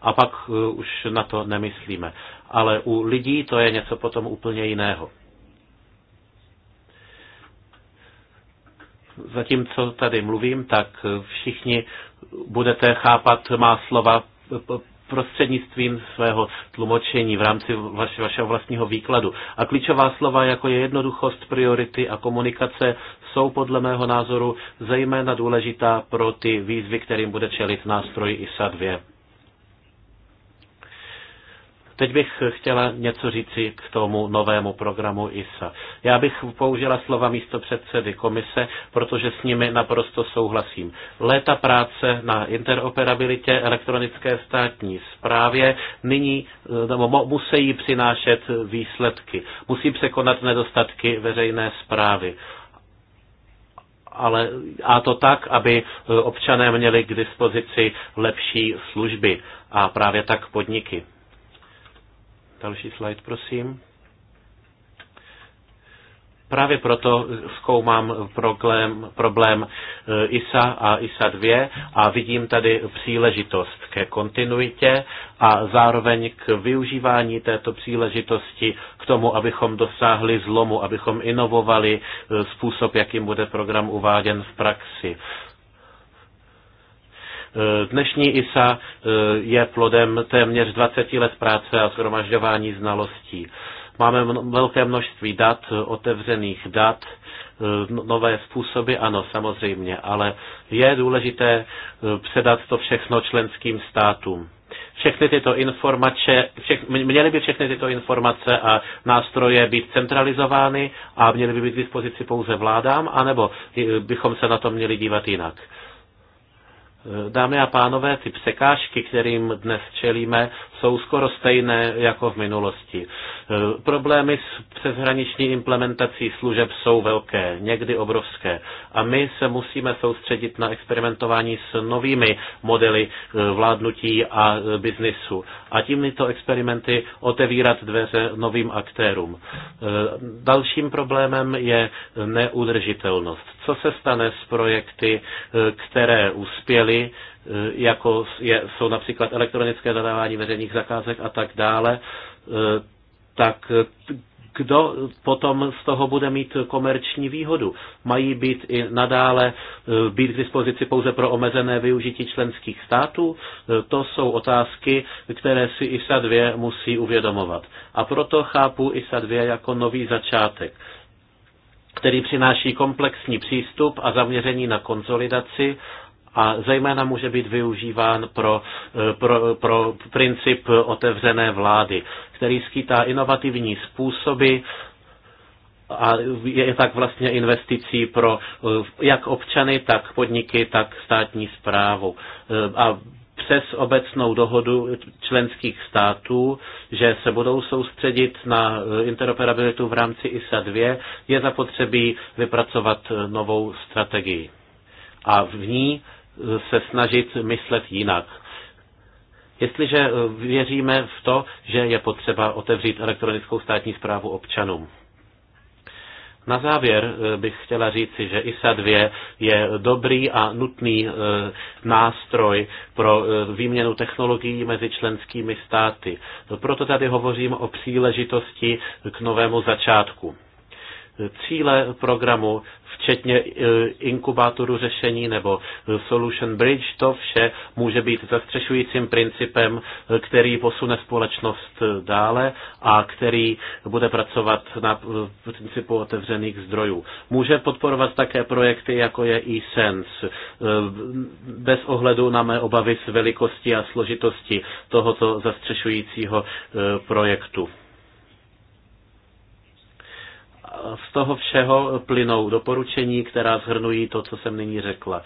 a pak e, už na to nemyslíme. Ale u lidí to je něco potom úplně jiného. Zatímco tady mluvím, tak všichni budete chápat má slova prostřednictvím svého tlumočení v rámci vaše, vašeho vlastního výkladu. A klíčová slova, jako je jednoduchost, priority a komunikace, jsou podle mého názoru zejména důležitá pro ty výzvy, kterým bude čelit nástroj ISA 2. Teď bych chtěla něco říci k tomu novému programu ISA. Já bych použila slova místo předsedy komise, protože s nimi naprosto souhlasím. Léta práce na interoperabilitě elektronické státní zprávě nyní eh, nebo musí přinášet výsledky. Musí překonat nedostatky veřejné zprávy ale a to tak, aby eh, občané měli k dispozici lepší služby a právě tak podniky. Další slide, prosím. Právě proto zkoumám problém, problém eh, ISA a ISA 2 a vidím tady příležitost ke kontinuitě a zároveň k využívání této příležitosti k tomu, abychom dosáhli zlomu, abychom inovovali eh, způsob, jakým bude program uváděn v praxi. Dnešní ISA eh, je plodem téměř 20 let práce a shromažďování znalostí. Máme velké množství dat, otevřených dat, eh, no-, nové způsoby, ano, samozřejmě, ale je důležité eh, předat to všechno členským státům všechny tyto informace, všech, měly by všechny tyto informace a nástroje být centralizovány a měly by být k dispozici pouze vládám, anebo bychom se na to měli dívat jinak. Dámy a pánové, ty překážky, kterým dnes čelíme, jsou skoro stejné jako v minulosti. Eh, problémy s přeshraniční implementací služeb jsou velké, někdy obrovské. A my se musíme soustředit na experimentování s novými modely eh, vládnutí a eh, biznisu. A tím tyto experimenty otevírat dveře novým aktérům. Dalším problémem je neudržitelnost. Co se stane s projekty, které uspěly, jako je, jsou například elektronické zadávání veřejných zakázek a tak dále, tak eh, kdo potom z toho bude mít komerční výhodu. Mají být i nadále eh, být k dispozici pouze pro omezené využití členských států? Eh, to jsou otázky, které si ISA 2 musí uvědomovat. A proto chápu ISA 2 jako nový začátek který přináší komplexní přístup a zaměření na konsolidaci a zejména může být využíván pro, eh, pro, pro princip otevřené vlády, který skýtá inovativní způsoby a je tak vlastně investicí pro eh, jak občany, tak podniky, tak státní zprávu. Eh, a přes obecnou dohodu členských států, že se budou soustředit na interoperabilitu v rámci ISA 2, je zapotřebí vypracovat novou strategii. A v ní se snažit myslet jinak. Jestliže eh, věříme v to, že je potřeba otevřít elektronickou státní zprávu občanům. Na závěr eh, bych chtěla říci, že ISA 2 je dobrý a nutný eh, nástroj pro výměnu technologií mezi členskými státy. Proto tady hovořím o příležitosti k novému začátku cíle programu, včetně e, inkubátoru řešení nebo e, Solution Bridge, to vše může být zastřešujícím principem, e, který posune společnost dále a který bude pracovat na principu otevřených zdrojů. Může podporovat také projekty, jako je eSense, bez ohledu na mé obavy s velikostí a složitostí tohoto zastřešujícího projektu z toho všeho plynou doporučení, která zhrnují to, co jsem nyní řekla.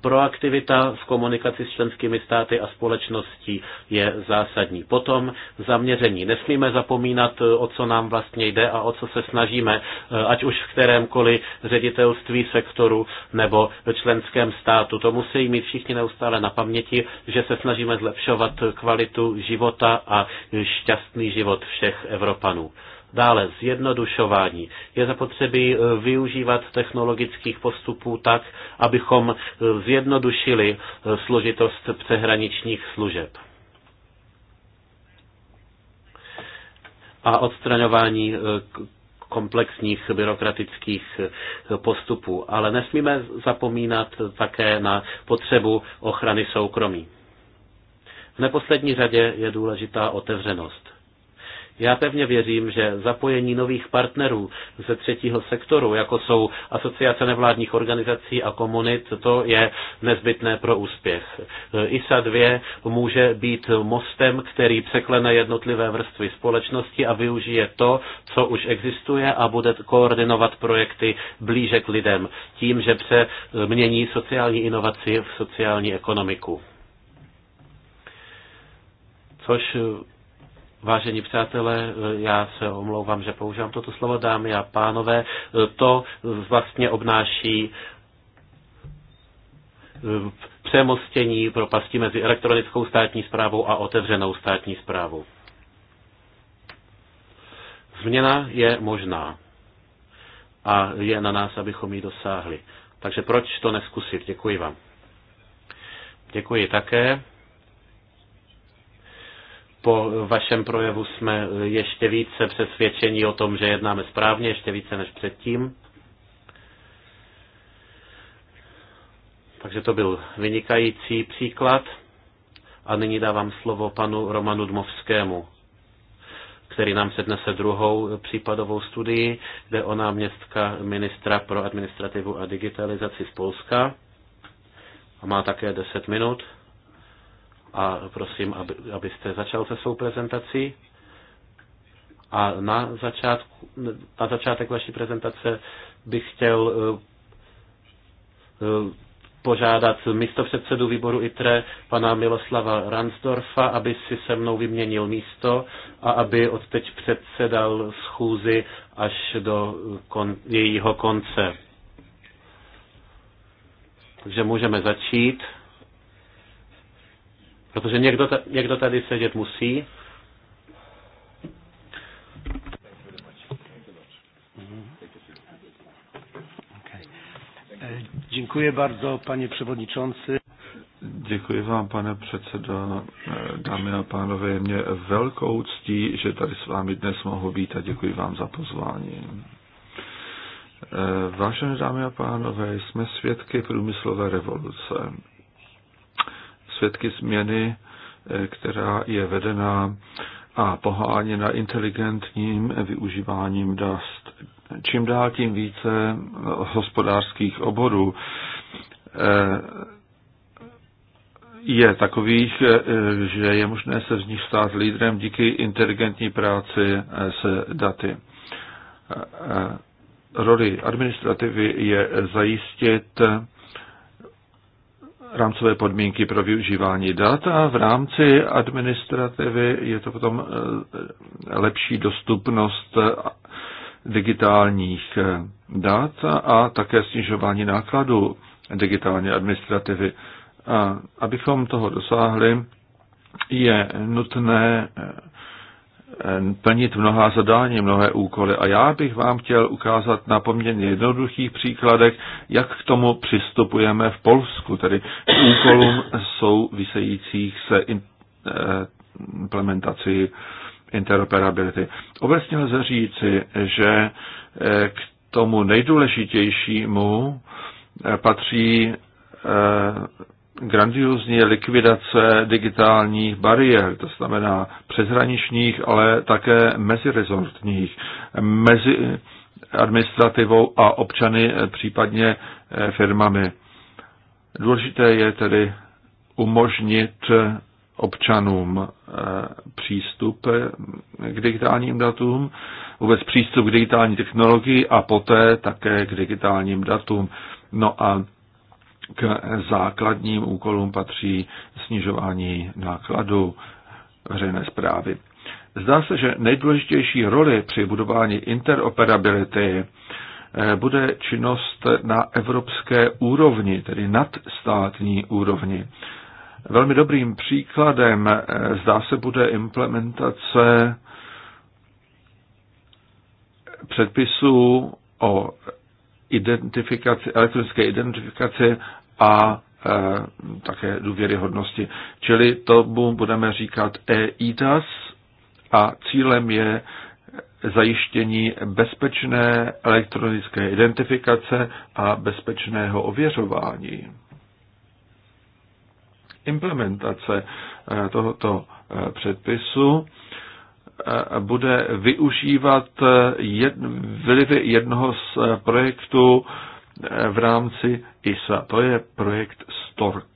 Proaktivita v komunikaci s členskými státy a společností je zásadní. Potom zaměření. Nesmíme zapomínat, o co nám vlastně jde a o co se snažíme, ať už v kterémkoliv ředitelství sektoru nebo členském státu. To musí mít všichni neustále na paměti, že se snažíme zlepšovat kvalitu života a šťastný život všech Evropanů. Dále zjednodušování. Je zapotřebí eh, využívat technologických postupů tak, abychom eh, zjednodušili eh, složitost přehraničních služeb. A odstraňování komplexních byrokratických postupů. Ale nesmíme zapomínat také na potřebu ochrany soukromí. V neposlední řadě je důležitá otevřenost. Já pevně věřím, že zapojení nových partnerů ze třetího sektoru, jako jsou asociace nevládních organizací a komunit, to je nezbytné pro úspěch. ISA 2 může být mostem, který překlene jednotlivé vrstvy společnosti a využije to, co už existuje a bude koordinovat projekty blíže k lidem, tím, že přemění sociální inovaci v sociální ekonomiku. Což Vážení přátelé, já se omlouvám, že používám toto slovo, dámy a pánové. To vlastně obnáší eh, přemostění propasti mezi elektronickou státní zprávou a otevřenou státní zprávou. Změna je možná a je na nás, abychom ji dosáhli. Takže proč to neskusit? Děkuji vám. Děkuji také po vašem projevu jsme ještě více přesvědčení o tom, že jednáme správně, ještě více než předtím. Takže to byl vynikající příklad. A nyní dávám slovo panu Romanu Dmovskému, který nám přednese druhou případovou studii, kde o náměstka ministra pro administrativu a digitalizaci z Polska. A má také 10 minut a prosím, aby, abyste začal se svou prezentací. A na, začátku, na začátek vaší prezentace bych chtěl eh, eh, požádat místopředsedu výboru ITRE, pana Miloslava Ransdorfa, aby si se mnou vyměnil místo a aby odteď předsedal schůzi až do kon, jejího konce. Takže můžeme začít. Protože někdo, ta, někdo tady sedět musí. Mhm. E, dziękuję bardzo, panie przewodniczący. Děkuji vám, pane przewodniczący. E, dámy a panowie mnie wielką velkou że že tady s vámi dnes mohu být a děkuji vám za pozvání. E, vážené dámy a panowie, jsme svědky průmyslové revoluce svědky změny, eh, která je vedená a poháněna inteligentním využíváním dast. Čím dál tím více hospodářských oborů eh, je takových, eh, že je možné se z nich stát lídrem díky inteligentní práci s daty. Roli administrativy je zajistit rámcové podmínky pro využívání dat a v rámci administrativy je to potom eh, lepší dostupnost eh, digitálních eh, dat a také snižování nákladů digitální administrativy. A abychom toho dosáhli, je nutné Eh, plnit mnohá zadání, mnohé úkoly. A já bych vám chtěl ukázat na poměrně jednoduchých příkladech, jak k tomu přistupujeme v Polsku, tedy k úkolům souvisejících se eh, implementací interoperability. Obecně lze říci, že eh, k tomu nejdůležitějšímu patří grandiozní likvidace digitálních bariér, to znamená přeshraničních, ale také mezirezortních, mezi administrativou a občany, případně eh, firmami. Důležité je tedy umožnit občanům eh, přístup eh, k digitálním datům, vůbec přístup k digitální technologii a poté také k digitálním datům. No a k základním úkolům patří snižování nákladů veřejné zprávy. Zdá se, že nejdůležitější roli při budování interoperability eh, bude činnost na evropské úrovni, tedy nadstátní úrovni. Velmi dobrým příkladem eh, zdá se bude implementace předpisů o identifikace, elektronické identifikace a e, také důvěryhodnosti. Čili to budeme říkat EIDAS a cílem je zajištění bezpečné elektronické identifikace a bezpečného ověřování. Implementace e, tohoto e, předpisu bude využívat jed, vlivy jednoho z projektů eh, v rámci ISA. To je projekt STORK.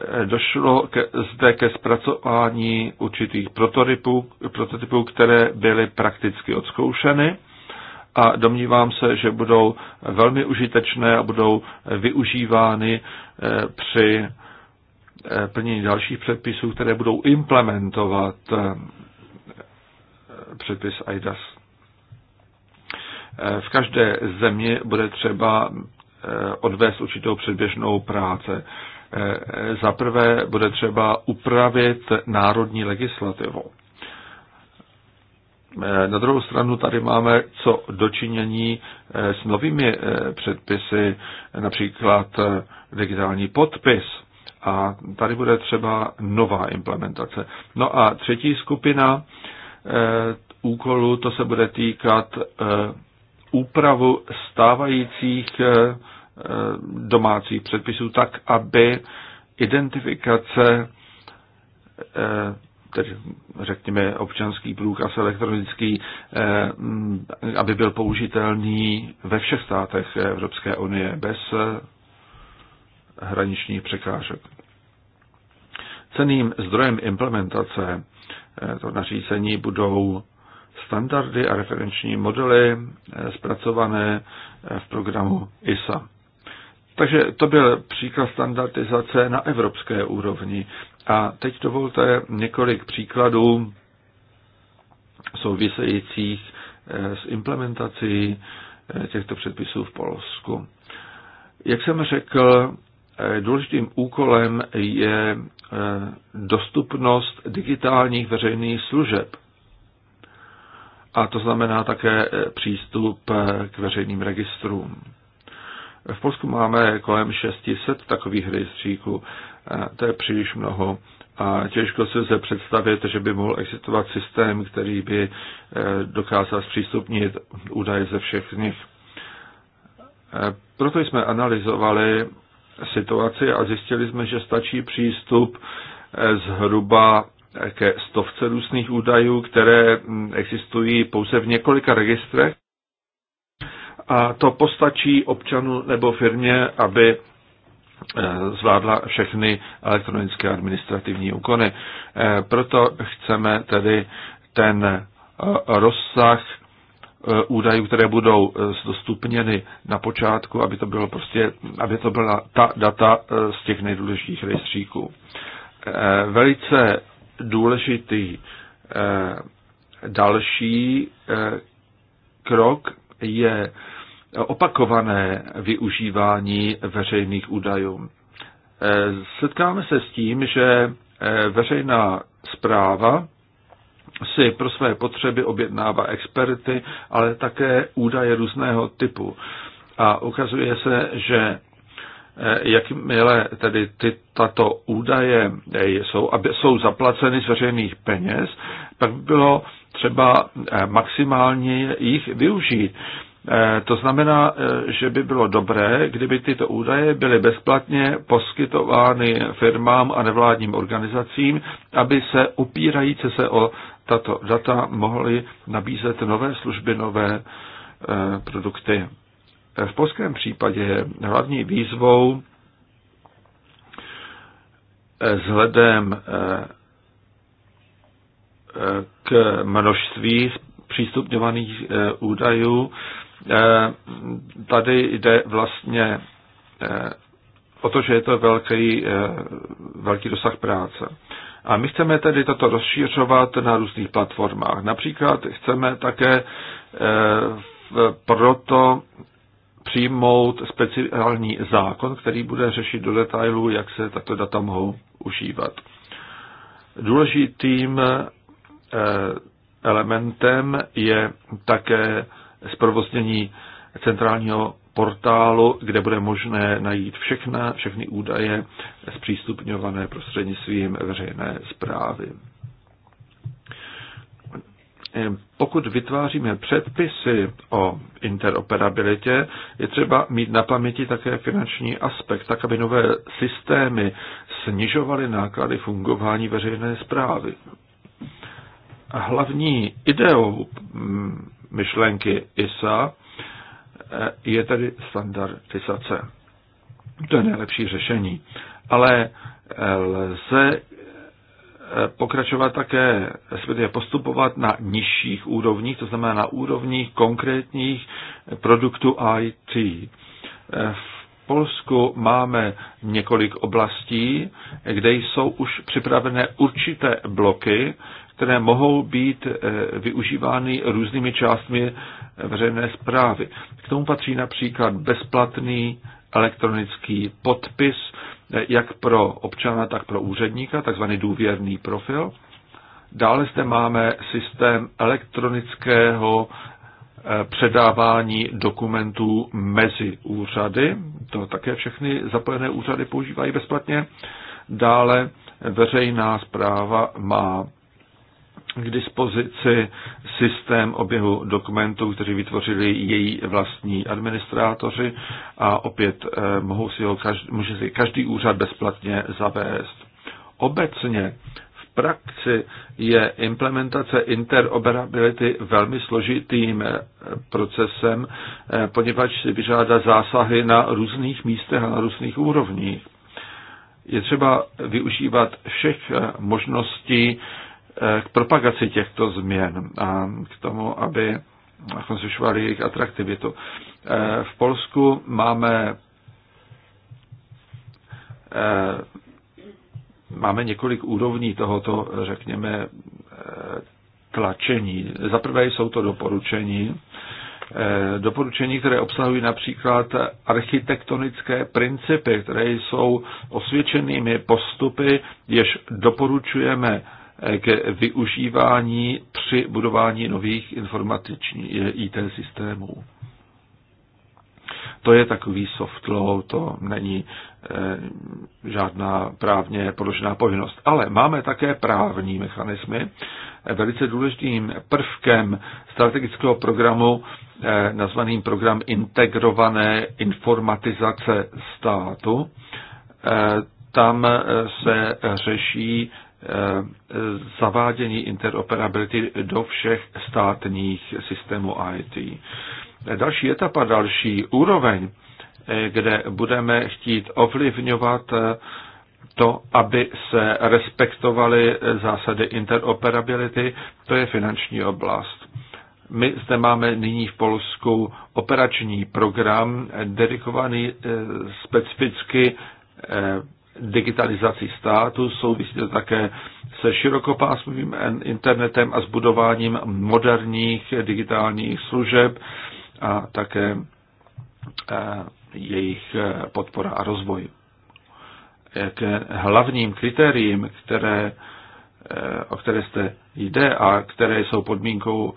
Eh, došlo ke, zde ke zpracování určitých prototypů, prototypů, které byly prakticky odzkoušeny a domnívám se, že budou velmi užitečné a budou využívány eh, při Eh, plnění dalších předpisů, které budou implementovat eh, předpis IDAS. Eh, v každé země bude třeba odvést určitou předběžnou práce. Za prvé bude třeba upravit národní legislativu. Na druhou stranu tady máme co dočinění s novými předpisy, například digitální podpis a tady bude třeba nová implementace. No a třetí skupina eh, úkolů, to se bude týkat eh, úpravu stávajících eh, domácích předpisů tak, aby identifikace tedy řekněme občanský průkaz elektronický, aby byl použitelný ve všech státech Evropské unie bez hraničních překážek. Ceným zdrojem implementace eh, to nařízení budou standardy a referenční modely eh, zpracované eh, v programu ISA. Takže to byl příklad standardizace na evropské úrovni. A teď dovolte několik příkladů souvisejících s implementací těchto předpisů v Polsku. Jak jsem řekl, Eh, důležitým úkolem je eh, dostupnost digitálních veřejných služeb. A to znamená také eh, přístup k veřejným registrům. V Polsku máme kolem 600 takových rejstříků. To je příliš mnoho. A těžko si se představit, že by mohl existovat systém, který by dokázal zpřístupnit údaje ze všech z nich. Proto jsme analyzovali situaci a zjistili jsme, že stačí přístup eh, zhruba eh, ke stovce různých údajů, které mm, existují pouze v několika registrech. A to postačí občanu nebo firmě, aby eh, zvládla všechny elektronické administrativní úkony. Proto chceme tedy ten rozsah Eh, údajů, které budou eh, dostupněny na počátku, aby to bylo prostě, aby to byla ta data eh, z těch nejdůležitějších rejstříků. Velice důležitý další krok je opakované využívání veřejných údajů. Setkáme se s tím, že veřejná zpráva si pro své potřeby objednává experty, ale také údaje různého typu. A ukazuje se, že eh, jakmile tedy ty, tato údaje eh, jsou, aby, jsou zaplaceny z veřejných peněz, pak by bylo třeba eh, maximálně jich využít. To znamená, že by bylo dobré, kdyby tyto údaje byly bezplatně poskytovány firmám a nevládním organizacím, aby se upírající se o tato data mohly nabízet nové služby, nové eh, produkty. V polském případě je hlavní výzvou eh, vzhledem eh, k množství přístupňovaných údajů. Tady jde vlastně o to, že je to velký, velký dosah práce. A my chceme tedy toto rozšířovat na různých platformách. Například chceme také eh, proto přijmout speciální zákon, který bude řešit do detailu, jak se tato data mohou užívat. Důležitým eh, elementem je také zprovoznění centrálního portálu, kde bude možné najít všechna, všechny údaje zpřístupňované prostřednictvím veřejné zprávy. Pokud vytváříme předpisy o interoperabilitě, je třeba mít na paměti také finanční aspekt, tak aby nové systémy snižovaly náklady fungování veřejné zprávy. Hlavní ideou mm, myšlenky ISA Eh, je tedy standardizace. To je nejlepší řešení. Ale eh, lze eh, pokračovat také, respektive postupovat na nižších úrovních, to znamená na úrovních konkrétních produktů IT. V Polsku máme několik oblastí, kde jsou už připravené určité bloky, které mohou být eh, využívány různými částmi veřejné zprávy. K tomu patří například bezplatný elektronický podpis, eh, jak pro občana, tak pro úředníka, takzvaný důvěrný profil. Dále zde máme systém elektronického předávání dokumentů mezi úřady, to také všechny zapojené úřady používají bezplatně. Dále veřejná zpráva má k dispozici systém oběhu dokumentů, kteří vytvořili její vlastní administrátoři a opět eh, mohou si ho každý, může si každý úřad bezplatně zavést. Obecně praxi je implementace interoperability velmi složitým eh, procesem, eh, poněvadž si vyžádá zásahy na různých místech a na různých úrovních. Je třeba využívat všech eh, možností k propagaci těchto změn a k tomu, aby zvyšovali jejich atraktivitu. V Polsku máme máme několik úrovní tohoto, řekněme, eh, tlačení. Za prvé jsou to doporučení, eh, doporučení, které obsahují například architektonické principy, které jsou osvědčenými postupy, jež doporučujeme eh, k využívání při budování nových informatičních IT systémů. To je takový soft law, to není eh, žádná právně podložená povinnost. Ale máme také právní mechanismy. Eh, velice důležitým prvkem strategického programu eh, nazvaným program integrované informatizace státu. Tam se řeší zavádění interoperability do všech státních systémů IT další etapa, další úroveň, eh, kde budeme chtít ovlivňovat eh, to, aby se respektovaly eh, zásady interoperability, to je finanční oblast. My zde máme nyní v Polsku operační program dedikovaný specificky digitalizací státu, souvisí to také se širokopásmovým internetem a s budováním moderních digitálních služeb a také eh, jejich eh, podpora a rozvoj. Eh, k hlavním kritériím, které, o které jste jde a které jsou podmínkou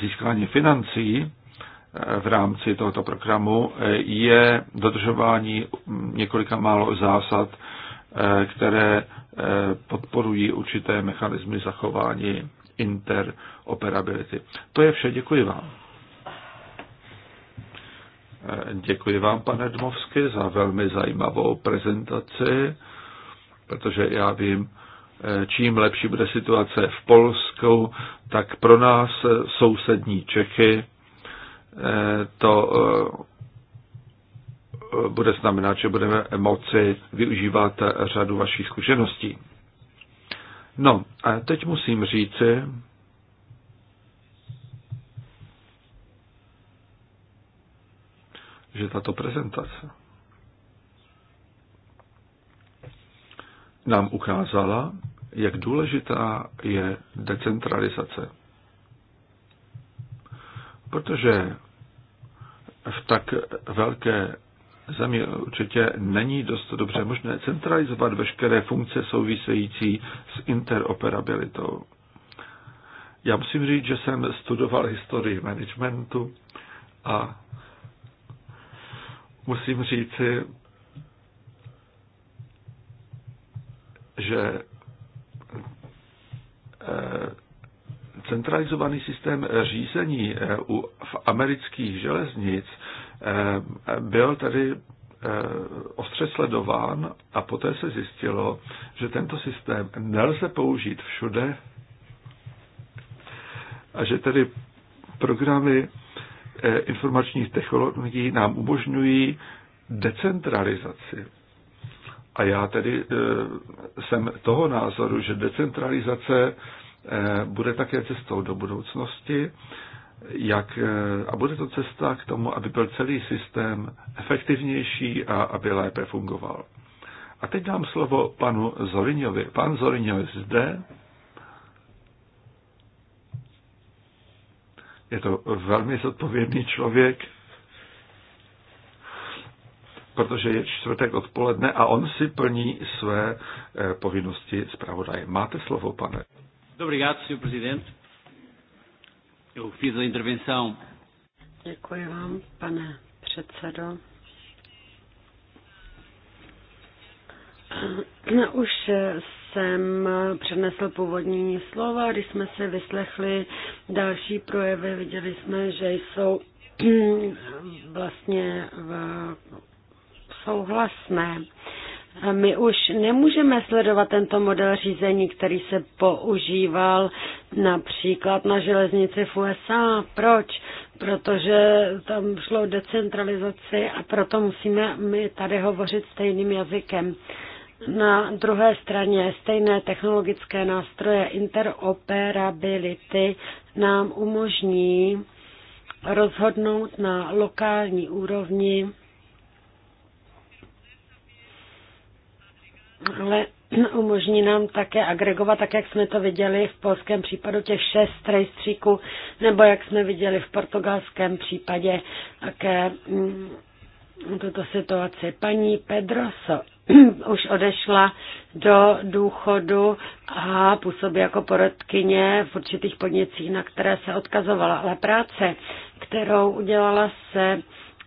získání financí v rámci tohoto programu, je dodržování několika málo zásad, které podporují určité mechanismy zachování interoperability. To je vše, děkuji vám. Děkuji vám, pane Dmovsky, za velmi zajímavou prezentaci, protože já vím, čím lepší bude situace v Polsku, tak pro nás sousední Čechy to eh, bude znamenat, že budeme moci využívat řadu vašich zkušeností. No, a teď musím říci, že tato prezentace nám ukázala, jak důležitá je decentralizace. Protože v tak velké zemi určitě není dost dobře možné centralizovat veškeré funkce související s interoperabilitou. Já musím říct, že jsem studoval historii managementu a musím říci, že eh, centralizovaný systém řízení eh, v amerických železnic eh, byl tady ostře sledován a poté se zjistilo, že tento systém nelze použít všude a že tedy programy Eh, informačních technologií nám umožňují decentralizaci. A já tedy eh, jsem toho názoru, že decentralizace eh, bude také cestou do budoucnosti jak, a bude to cesta k tomu, aby byl celý systém efektivnější a aby lépe fungoval. A teď dám slovo panu Zoriňovi. Pan Zorinio je zde. Je to velmi zodpovědný člověk, protože je čtvrtek odpoledne a on si plní své eh, povinnosti zpravodaje. Máte slovo, pane. Dobrý den, presidente. Děkuji vám, pane předsedo. Už jsem přednesl původní slova, když jsme si vyslechli další projevy, viděli jsme, že jsou [CLEARS THROAT] vlastně v souhlasné. My už nemůžeme sledovat tento model řízení, který se používal například na železnici v USA. Proč? Protože tam šlo o decentralizaci a proto musíme my tady hovořit stejným jazykem. Na druhé straně stejné technologické nástroje interoperability nám umožní rozhodnout na lokální úrovni, ale [CLEARS THROAT] umožní nám také agregovat, tak jak jsme to viděli v polském případu, těch šest rejstříků, nebo jak jsme viděli v portugalském případě, také mm, tuto situaci. Paní Pedroso [CLEARS THROAT] už odešla do důchodu a působí jako porodkyně v určitých podnicích, na které se odkazovala. Ale práce, kterou udělala se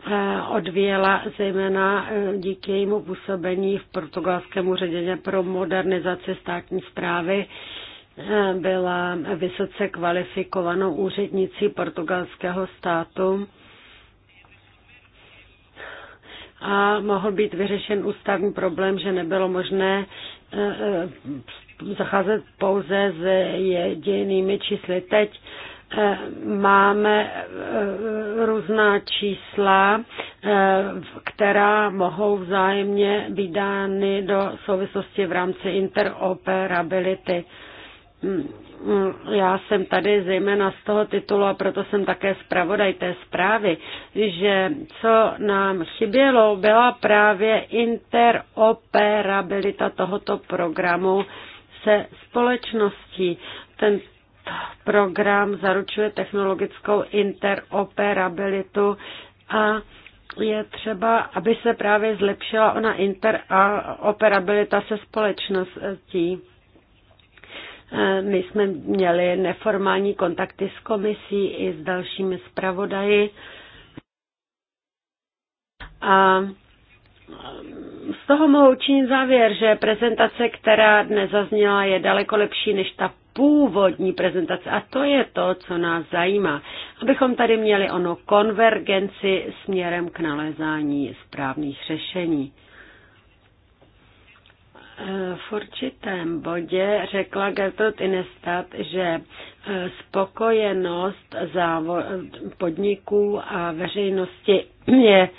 eh, odvíjela zejména eh, díky jejímu působení v portugalském úředěně pro modernizaci státní zprávy. Eh, byla vysoce kvalifikovanou úřednicí portugalského státu a mohl být vyřešen ústavní problém, že nebylo možné e, e, zacházet pouze s jedinými čísly. Teď e, máme různá čísla, která mohou vzájemně být dány do souvislosti v rámci interoperability hmm. Mm, já jsem tady zejména z toho titulu a proto jsem také zpravodaj té zprávy, že co nám chybělo, byla právě interoperabilita tohoto programu se společností. Ten program zaručuje technologickou interoperabilitu a je třeba, aby se právě zlepšila ona interoperabilita se společností. Eh, my jsme měli neformální kontakty s komisí i s dalšími zpravodaji. A eh, z toho mohu učinit závěr, že prezentace, která dnes zazněla, je daleko lepší než ta původní prezentace. A to je to, co nás zajímá. Abychom tady měli ono konvergenci směrem k nalezání správných řešení. Eh, v určitém bodě řekla Gertrud Inestat, že eh, spokojenost podniků a veřejnosti [CLEARS THROAT] je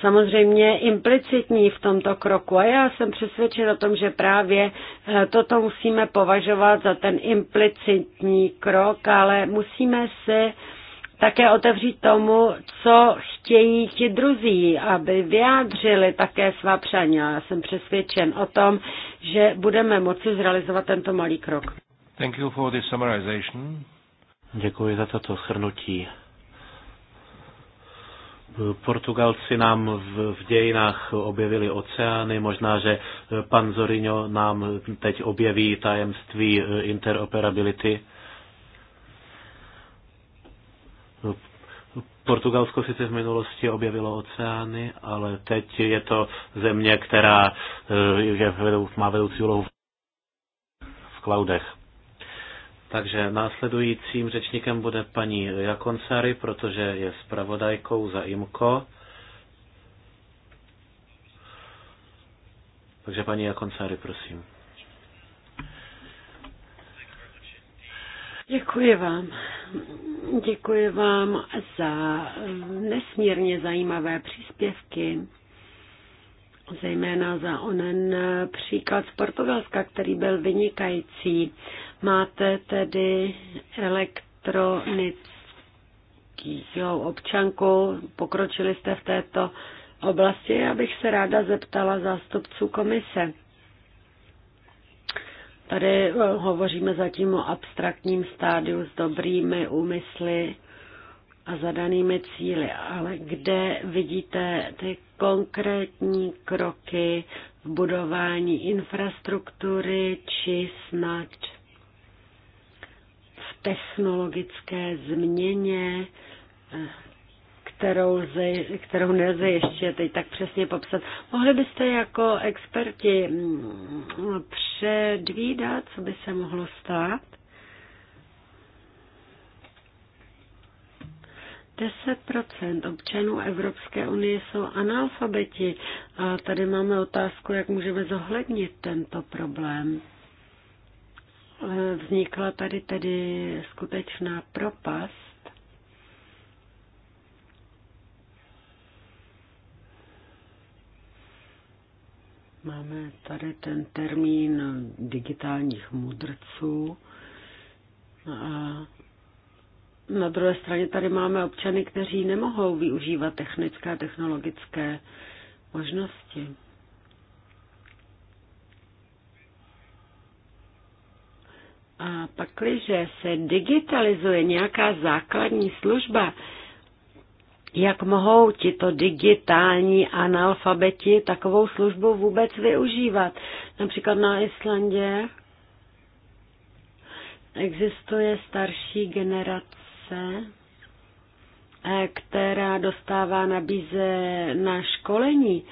samozřejmě implicitní v tomto kroku. A já jsem přesvědčen o tom, že právě eh, toto musíme považovat za ten implicitní krok, ale musíme si také otevřít tomu, co chtějí ti druzí, aby vyjádřili také svá přání. Já jsem přesvědčen o tom, že budeme moci zrealizovat tento malý krok. Thank you for this summarization. Děkuji za toto shrnutí. Portugalci nám v, v dějinách objevili oceány, možná, že pan Zorino nám teď objeví tajemství interoperability. Portugalsko sice v minulosti objevilo oceány, ale teď je to země, která eh, je, má vedoucí úlohu v cloudech. Takže následujícím řečníkem bude paní Jakoncary, protože je zpravodajkou za IMKO. Takže paní Jakoncary, prosím. Děkuji vám. Děkuji vám za nesmírně zajímavé příspěvky, zejména za onen příklad z Portugalska, který byl vynikající. Máte tedy elektronickou občanku, pokročili jste v této oblasti, abych se ráda zeptala zástupců komise. Tady eh, hovoříme zatím o abstraktním stádiu s dobrými úmysly a zadanými cíly, ale kde vidíte ty konkrétní kroky v budování infrastruktury či snad v technologické změně kterou, lze, kterou nelze ještě teď tak přesně popsat. Mohli byste jako experti mm, předvídat, co by se mohlo stát? Deset procent občanů Evropské unie jsou analfabeti a tady máme otázku, jak můžeme zohlednit tento problém. E, vznikla tady tedy skutečná propast Máme tady ten termín digitálních mudrců. A na druhé straně tady máme občany, kteří nemohou využívat technické a technologické možnosti. A pakliže se digitalizuje nějaká základní služba, jak mohou tito digitální analfabeti takovou službu vůbec využívat. Například na Islandě existuje starší generace, eh, která dostává nabíze na školení.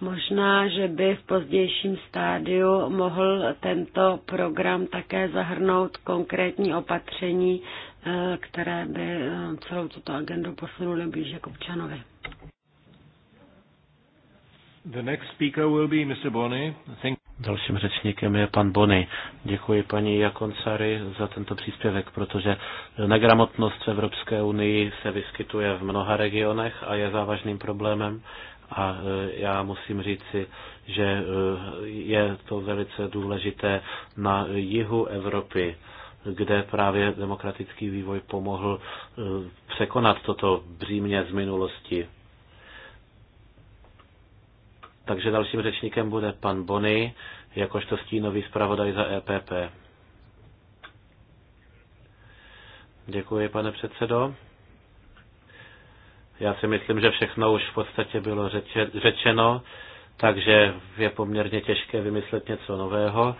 Možná, že by v pozdějším stádiu mohl tento program také zahrnout konkrétní opatření Eh, které by eh, celou tuto agendu posunuly blíže k občanovi. The next speaker will be Mr. Bonny. Thank Dalším řečníkem je pan Bony. Děkuji paní Jakoncary za tento příspěvek, protože negramotnost v Evropské unii se vyskytuje v mnoha regionech a je závažným problémem. A eh, já musím říci, že je to velice důležité na jihu Evropy kde právě demokratický vývoj pomohl eh, překonat toto břímě z minulosti. Takže dalším řečníkem bude pan Bony, jakožto stínový zpravodaj za EPP. Děkuji, pane předsedo. Já si myslím, že všechno už v podstatě bylo řečeno, takže je poměrně těžké vymyslet něco nového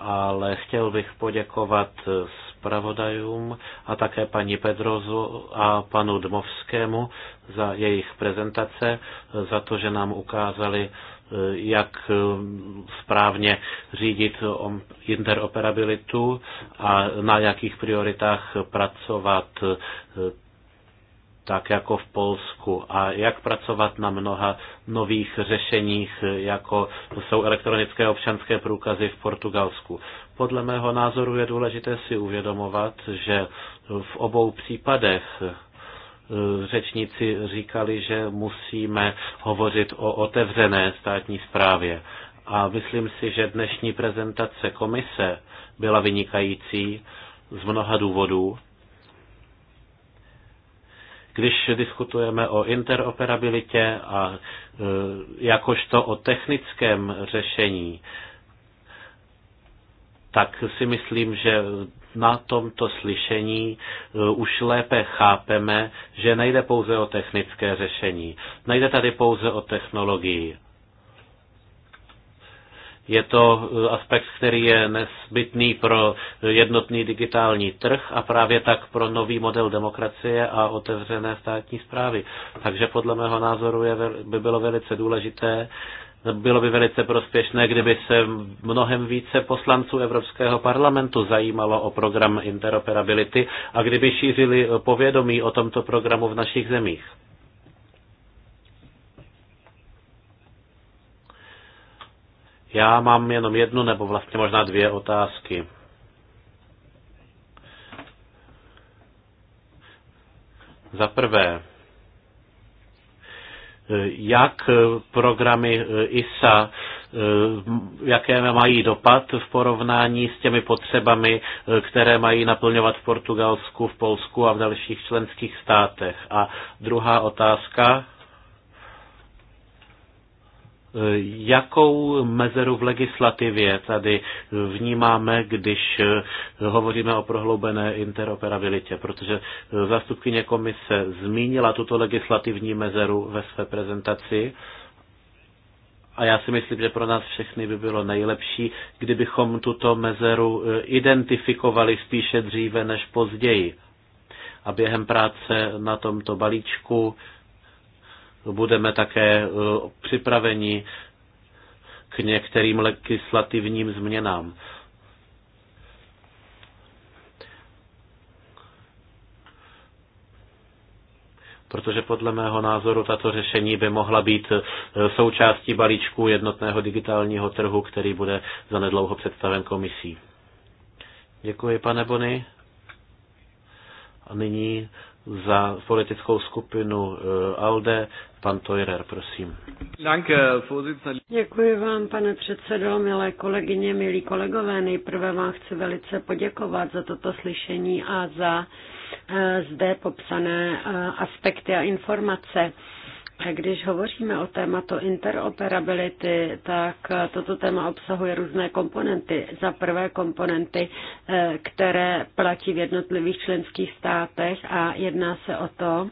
ale chtěl bych poděkovat zpravodajům a také paní Pedrozu a panu Dmovskému za jejich prezentace, za to, že nám ukázali, jak správně řídit interoperabilitu a na jakých prioritách pracovat tak jako v Polsku a jak pracovat na mnoha nových řešeních, jako jsou elektronické občanské průkazy v Portugalsku. Podle mého názoru je důležité si uvědomovat, že v obou případech eh, řečníci říkali, že musíme hovořit o otevřené státní správě. A myslím si, že dnešní prezentace komise byla vynikající z mnoha důvodů když diskutujeme o interoperabilitě a e, jakožto o technickém řešení, tak si myslím, že na tomto slyšení e, už lépe chápeme, že nejde pouze o technické řešení. Nejde tady pouze o technologii. Je to eh, aspekt, který je nezbytný pro eh, jednotný digitální trh a právě tak pro nový model demokracie a otevřené státní zprávy. Takže podle mého názoru je, by bylo velice důležité, bylo by velice prospěšné, kdyby se mnohem více poslanců Evropského parlamentu zajímalo o program interoperability a kdyby šířili eh, povědomí o tomto programu v našich zemích. Já mám jenom jednu nebo vlastně možná dvě otázky. Za prvé, jak programy ISA, jaké mají dopad v porovnání s těmi potřebami, které mají naplňovat v Portugalsku, v Polsku a v dalších členských státech. A druhá otázka, Jakou mezeru v legislativě tady vnímáme, když hovoříme o prohloubené interoperabilitě? Protože zastupkyně komise zmínila tuto legislativní mezeru ve své prezentaci. A já si myslím, že pro nás všechny by bylo nejlepší, kdybychom tuto mezeru identifikovali spíše dříve než později. A během práce na tomto balíčku budeme také eh, připraveni k některým legislativním změnám. protože podle mého názoru tato řešení by mohla být eh, součástí balíčku jednotného digitálního trhu, který bude zanedlouho představen komisí. Děkuji, pane Bony. A nyní za politickou skupinu eh, ALDE pan Tojrer, prosím. Děkuji vám, pane předsedo, milé kolegyně, milí kolegové. Nejprve vám chci velice poděkovat za toto slyšení a za eh, zde popsané eh, aspekty a informace. Když hovoříme o tématu interoperability, tak toto téma obsahuje různé komponenty. Za prvé komponenty, eh, které platí v jednotlivých členských státech a jedná se o to,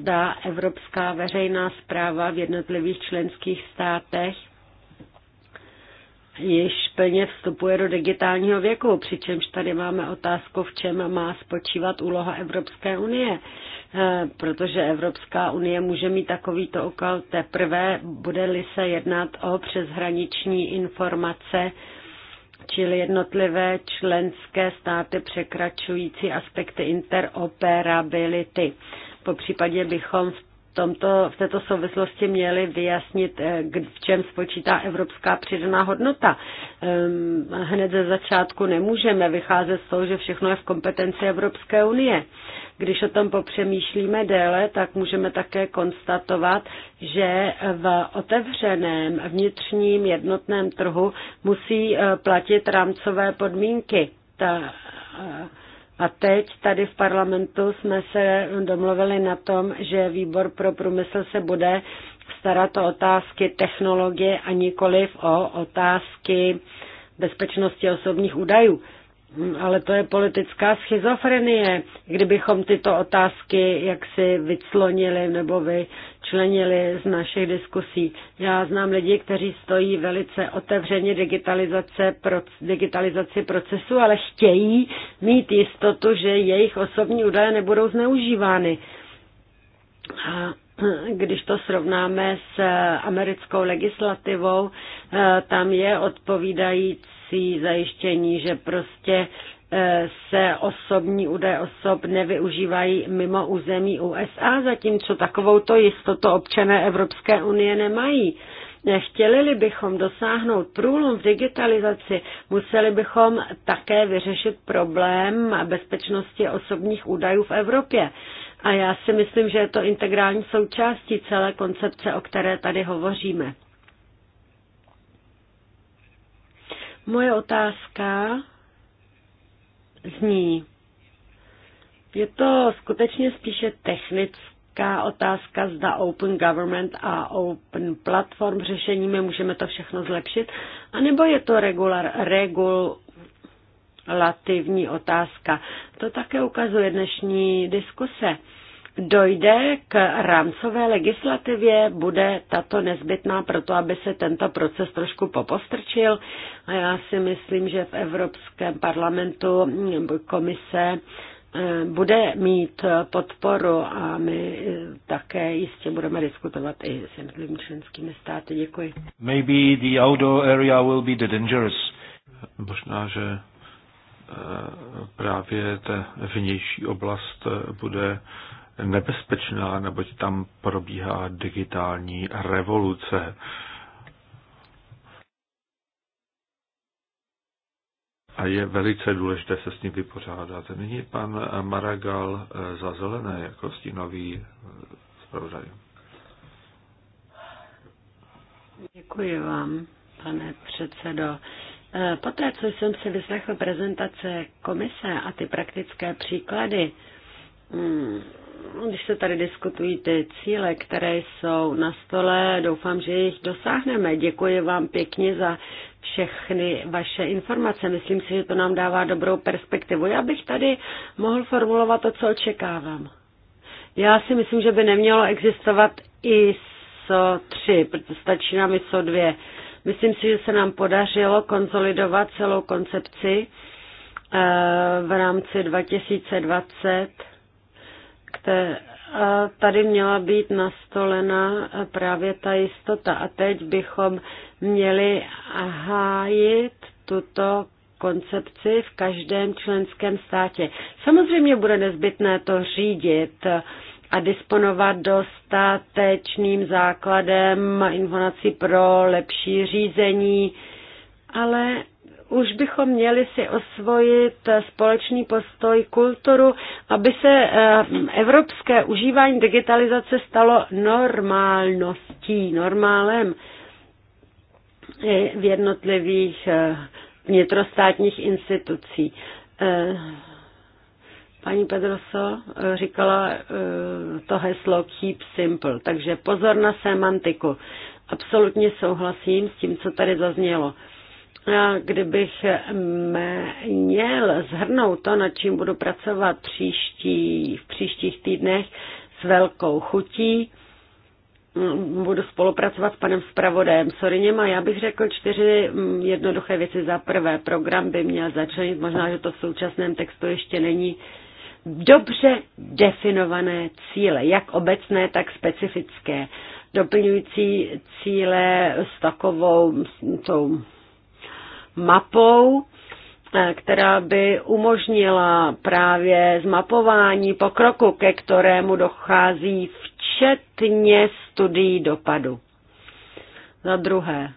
zda evropská veřejná zpráva v jednotlivých členských státech již plně vstupuje do digitálního věku, přičemž tady máme otázku, v čem má spočívat úloha Evropské unie, eh, protože Evropská unie může mít takovýto úkol teprve, bude-li se jednat o přeshraniční informace, čili jednotlivé členské státy překračující aspekty interoperability. Po případě bychom v tomto, v této souvislosti měli vyjasnit, eh, v čem spočítá evropská přidaná hodnota. Ehm, hned ze začátku nemůžeme vycházet z toho, že všechno je v kompetenci Evropské unie. Když o tom popřemýšlíme déle, tak můžeme také konstatovat, že v otevřeném vnitřním jednotném trhu musí eh, platit rámcové podmínky. Ta, eh, a teď tady v parlamentu jsme se domluvili na tom, že výbor pro průmysl se bude starat o otázky technologie a nikoliv o otázky bezpečnosti osobních údajů. Ale to je politická schizofrenie, kdybychom tyto otázky jaksi vyclonili nebo vy, vyčlenili z našich diskusí. Já znám lidi, kteří stojí velice otevřeně digitalizace, pro, digitalizaci procesu, ale chtějí mít jistotu, že jejich osobní údaje nebudou zneužívány. A když to srovnáme s americkou legislativou, eh, tam je odpovídající zajištění, že prostě se osobní údaje osob nevyužívají mimo území USA, zatímco takovouto jistotu občané Evropské unie nemají. Chtěli-li bychom dosáhnout průlom v digitalizaci, museli bychom také vyřešit problém bezpečnosti osobních údajů v Evropě. A já si myslím, že je to integrální součástí celé koncepce, o které tady hovoříme. Moje otázka zní. Je to skutečně spíše technická otázka, zda Open Government a Open Platform řešeními můžeme to všechno zlepšit, anebo je to regular, regul, relativní otázka. To také ukazuje dnešní diskuse dojde k rámcové legislativě, bude tato nezbytná proto, aby se tento proces trošku popostrčil. A já si myslím, že v Evropském parlamentu komise eh, bude mít podporu a my eh, také jistě budeme diskutovat i s jednotlivými členskými státy. Děkuji. Maybe the outdoor area will be the dangerous. Možná, že eh, právě ta vnější oblast bude nebezpečná, neboť tam probíhá digitální revoluce. A je velice důležité se s ním vypořádat. Nyní pan Maragal eh, za zelené jako stínový eh, zpravodaj. Děkuji vám, pane předsedo. Eh, poté, co jsem si vyslechl prezentace komise a ty praktické příklady, hmm, když se tady diskutují ty cíle, které jsou na stole, doufám, že jich dosáhneme. Děkuji vám pěkně za všechny vaše informace. Myslím si, že to nám dává dobrou perspektivu. Já bych tady mohl formulovat to, co očekávám. Já si myslím, že by nemělo existovat ISO 3, protože stačí nám ISO 2. Myslím si, že se nám podařilo konsolidovat celou koncepci eh, v rámci 2020 Eh, a tady měla být nastolena eh, právě ta jistota. A teď bychom měli hájit tuto koncepci v každém členském státě. Samozřejmě bude nezbytné to řídit a disponovat dostatečným základem informací pro lepší řízení, ale už bychom měli si osvojit společný postoj kulturu, aby se eh, evropské užívání digitalizace stalo normálností, normálem v jednotlivých eh, vnitrostátních institucí. Eh, paní Pedroso říkala to heslo Keep Simple, takže pozor na semantiku. Absolutně souhlasím s tím, co tady zaznělo. No, kdybych měl zhrnout to, nad čím budu pracovat příští, v příštích týdnech s velkou chutí, budu spolupracovat s panem zpravodajem Soriněm a já bych řekl čtyři mm, jednoduché věci. Za prvé, program by měl začlenit, možná, že to v současném textu ještě není, dobře definované cíle, jak obecné, tak specifické. Doplňující cíle s takovou tou mapou, eh, která by umožnila právě zmapování pokroku, ke kterému dochází včetně studií dopadu. Za druhé,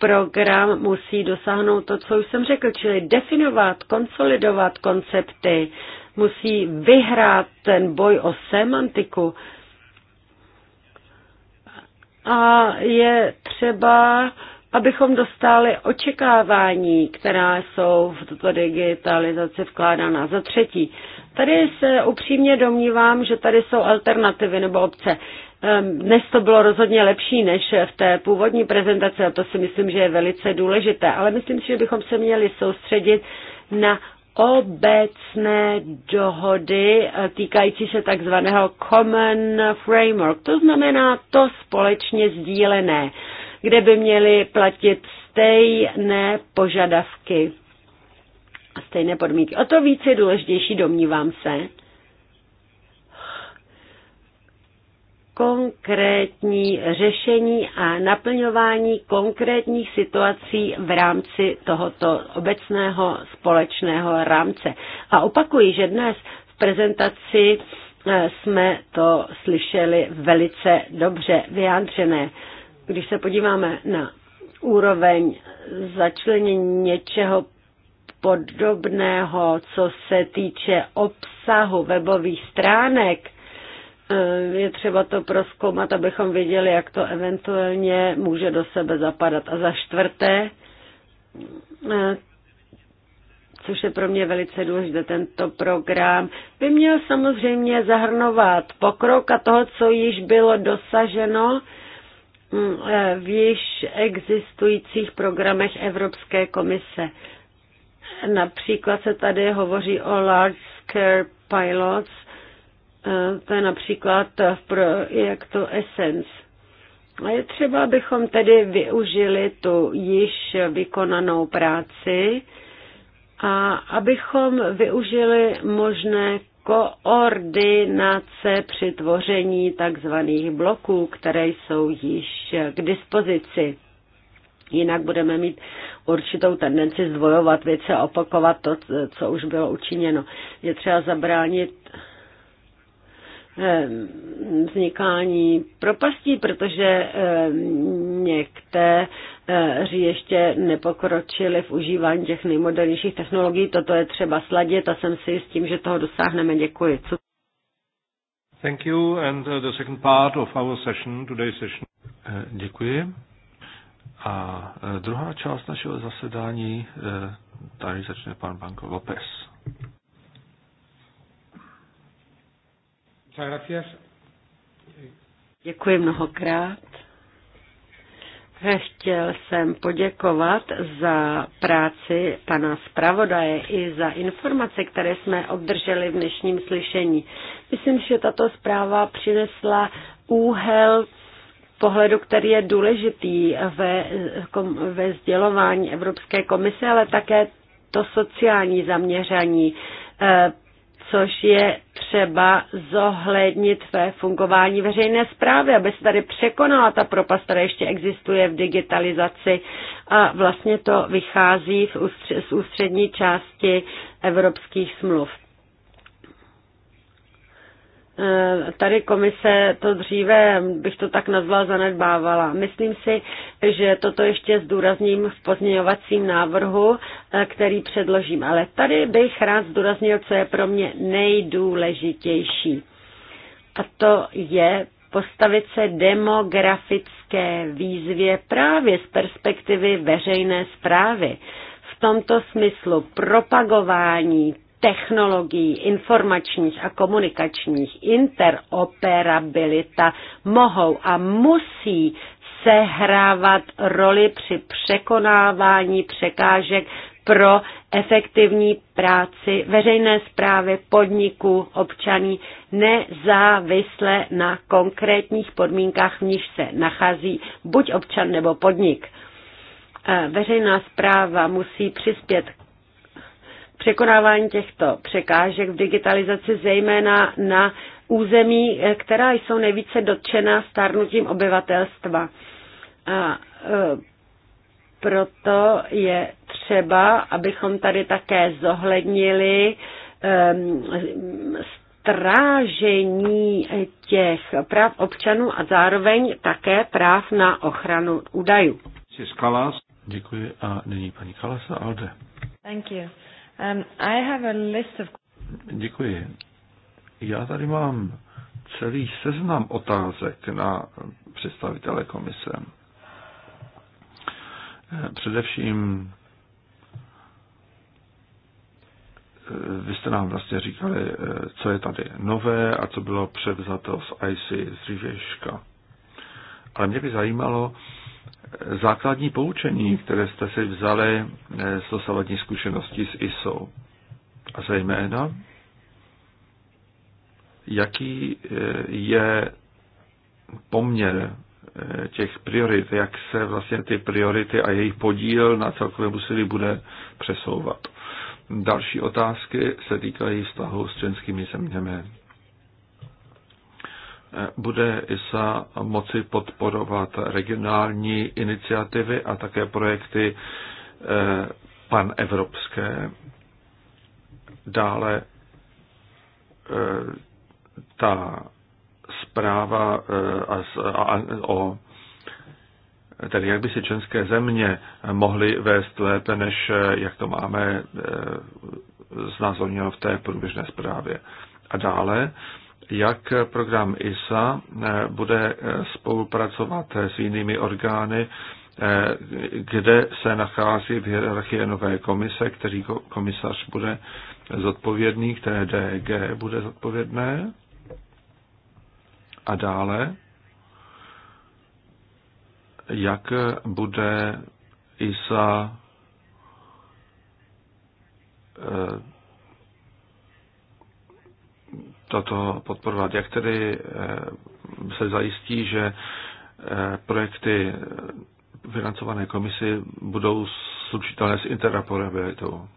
program musí dosáhnout to, co už jsem řekl, čili definovat, konsolidovat koncepty, musí vyhrát ten boj o semantiku. A je třeba abychom dostali očekávání, která jsou v tuto digitalizaci vkládána. Za třetí, tady se upřímně domnívám, že tady jsou alternativy nebo obce. Ehm, dnes to bylo rozhodně lepší než v té původní prezentaci a to si myslím, že je velice důležité, ale myslím si, že bychom se měli soustředit na obecné dohody eh, týkající se takzvaného common framework. To znamená to společně sdílené kde by měly platit stejné požadavky a stejné podmínky. O to více je důležitější, domnívám se, konkrétní řešení a naplňování konkrétních situací v rámci tohoto obecného společného rámce. A opakuji, že dnes v prezentaci eh, jsme to slyšeli velice dobře vyjádřené. Když se podíváme na úroveň začlenění něčeho podobného, co se týče obsahu webových stránek, eh, je třeba to proskoumat, abychom věděli, jak to eventuálně může do sebe zapadat. A za čtvrté, eh, což je pro mě velice důležité, tento program by měl samozřejmě zahrnovat pokrok a toho, co již bylo dosaženo, Mm, eh, v již existujících programech Evropské komise. Například se tady hovoří o large scale pilots, eh, to je například v projektu Essence. A je třeba, abychom tedy využili tu již vykonanou práci a abychom využili možné koordinace při tvoření takzvaných bloků, které jsou již k dispozici. Jinak budeme mít určitou tendenci zdvojovat věci a opakovat to, co už bylo učiněno. Je třeba zabránit Eh, vznikání propastí, protože eh, někteří eh, ještě nepokročili v užívání těch nejmodernějších technologií. Toto je třeba sladit a jsem si s tím, že toho dosáhneme. Děkuji. Co Thank you. And uh, the second part of our session, today's session. Děkuji. A druhá část našeho zasedání, tady začne pan Banko López. Děkuji mnohokrát. Chtěl jsem poděkovat za práci pana zpravodaje i za informace, které jsme obdrželi v dnešním slyšení. Myslím, že tato zpráva přinesla úhel pohledu, který je důležitý ve, ve sdělování Evropské komise, ale také to sociální zaměření eh, což je třeba zohlednit ve fungování veřejné zprávy, aby se tady překonala ta propast, která ještě existuje v digitalizaci. A vlastně to vychází z ústřední části evropských smluv. Eh, tady komise to dříve, bych to tak nazvala, zanedbávala. Myslím si, že toto ještě zdůrazním v pozměňovacím návrhu, eh, který předložím. Ale tady bych rád zdůraznil, co je pro mě nejdůležitější. A to je postavit se demografické výzvě právě z perspektivy veřejné zprávy. V tomto smyslu propagování technologií informačních a komunikačních interoperabilita mohou a musí sehrávat roli při překonávání překážek pro efektivní práci veřejné zprávy, podniků, občaní, nezávisle na konkrétních podmínkách, v níž se nachází buď občan nebo podnik. Eh, veřejná zpráva musí přispět překonávání těchto překážek v digitalizaci, zejména na území, eh, která jsou nejvíce dotčena stárnutím obyvatelstva. A eh, proto je třeba, abychom tady také zohlednili ehm, strážení těch práv občanů a zároveň také práv na ochranu údajů. Děkuji a nyní paní Kalasa Alde. Thank you. Um, I have a list of... Děkuji. Já tady mám celý seznam otázek na představitele komise. Eh, především eh, vy jste nám vlastně říkali, eh, co je tady nové a co bylo převzato z IC z Ale mě by zajímalo, základní poučení, které jste si vzali eh, z dosavadní zkušenosti s ISO? A zejména, jaký eh, je poměr eh, těch priorit, jak se vlastně ty priority a jejich podíl na celkovém úsilí bude přesouvat. Další otázky se týkají vztahu s členskými zeměmi bude ISA moci podporovat regionální iniciativy a také projekty eh, panevropské. Dále eh, ta zpráva eh, o tedy jak by si členské země mohly vést lépe, než jak to máme znázorněno v té průběžné zprávě. A dále jak program ISA eh, bude eh, spolupracovat s jinými orgány, eh, kde se nachází v hierarchii nové komise, který komisař bude zodpovědný, které DG bude zodpovědné. A dále, jak bude ISA toto podporovat. Jak tedy eh, se zajistí, že eh, projekty eh, financované komisi budou slučitelné s interoperabilitou?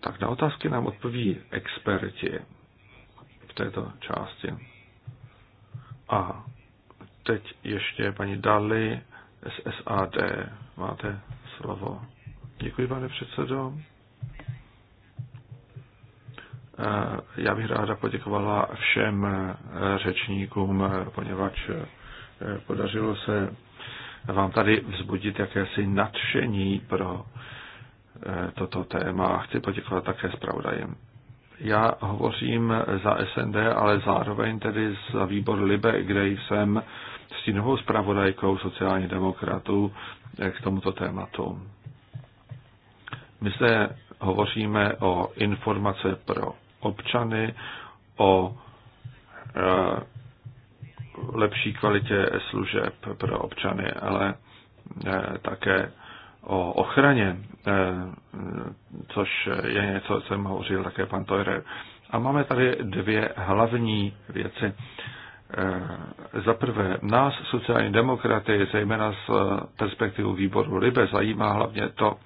Tak na otázky nám odpoví experti v této části. A teď ještě paní Dali z SAD. Máte slovo. Děkuji, pane předsedo. Eh, já bych ráda poděkovala všem eh, řečníkům, eh, poněvadž podařilo se vám tady vzbudit jakési nadšení pro toto téma a chci poděkovat také zpravodajem. Já hovořím za SND, ale zároveň tedy za výbor Libe, kde jsem novou zpravodajkou sociálních demokratů k tomuto tématu. My se hovoříme o informace pro občany o eh, lepší kvalitě služeb pro občany, ale eh, také o ochraně, eh, což je něco, co jsem hovořil také pan Tojre. A máme tady dvě hlavní věci. Eh, za prvé, nás, sociální demokraty, zejména z eh, perspektivu výboru Libe, zajímá hlavně to,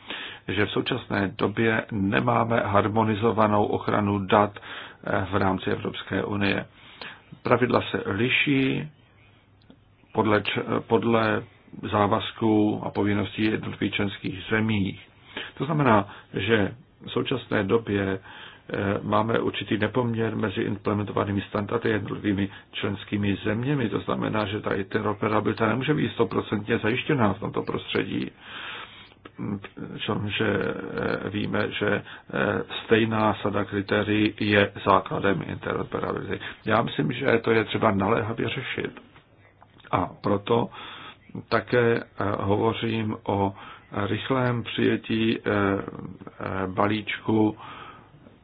že v současné době nemáme harmonizovanou ochranu dat eh, v rámci Evropské unie. Pravidla se liší podle, podle závazků a povinností jednotlivých členských zemí. To znamená, že v současné době Eh, máme určitý nepoměr mezi implementovanými standardy jednotlivými členskými zeměmi. To znamená, že ta interoperabilita nemůže být stoprocentně zajištěná v tomto prostředí. Že eh, víme, že eh, stejná sada kritérií je základem interoperability. Já myslím, že to je třeba naléhavě řešit. A proto také hovořím o rychlém přijetí balíčku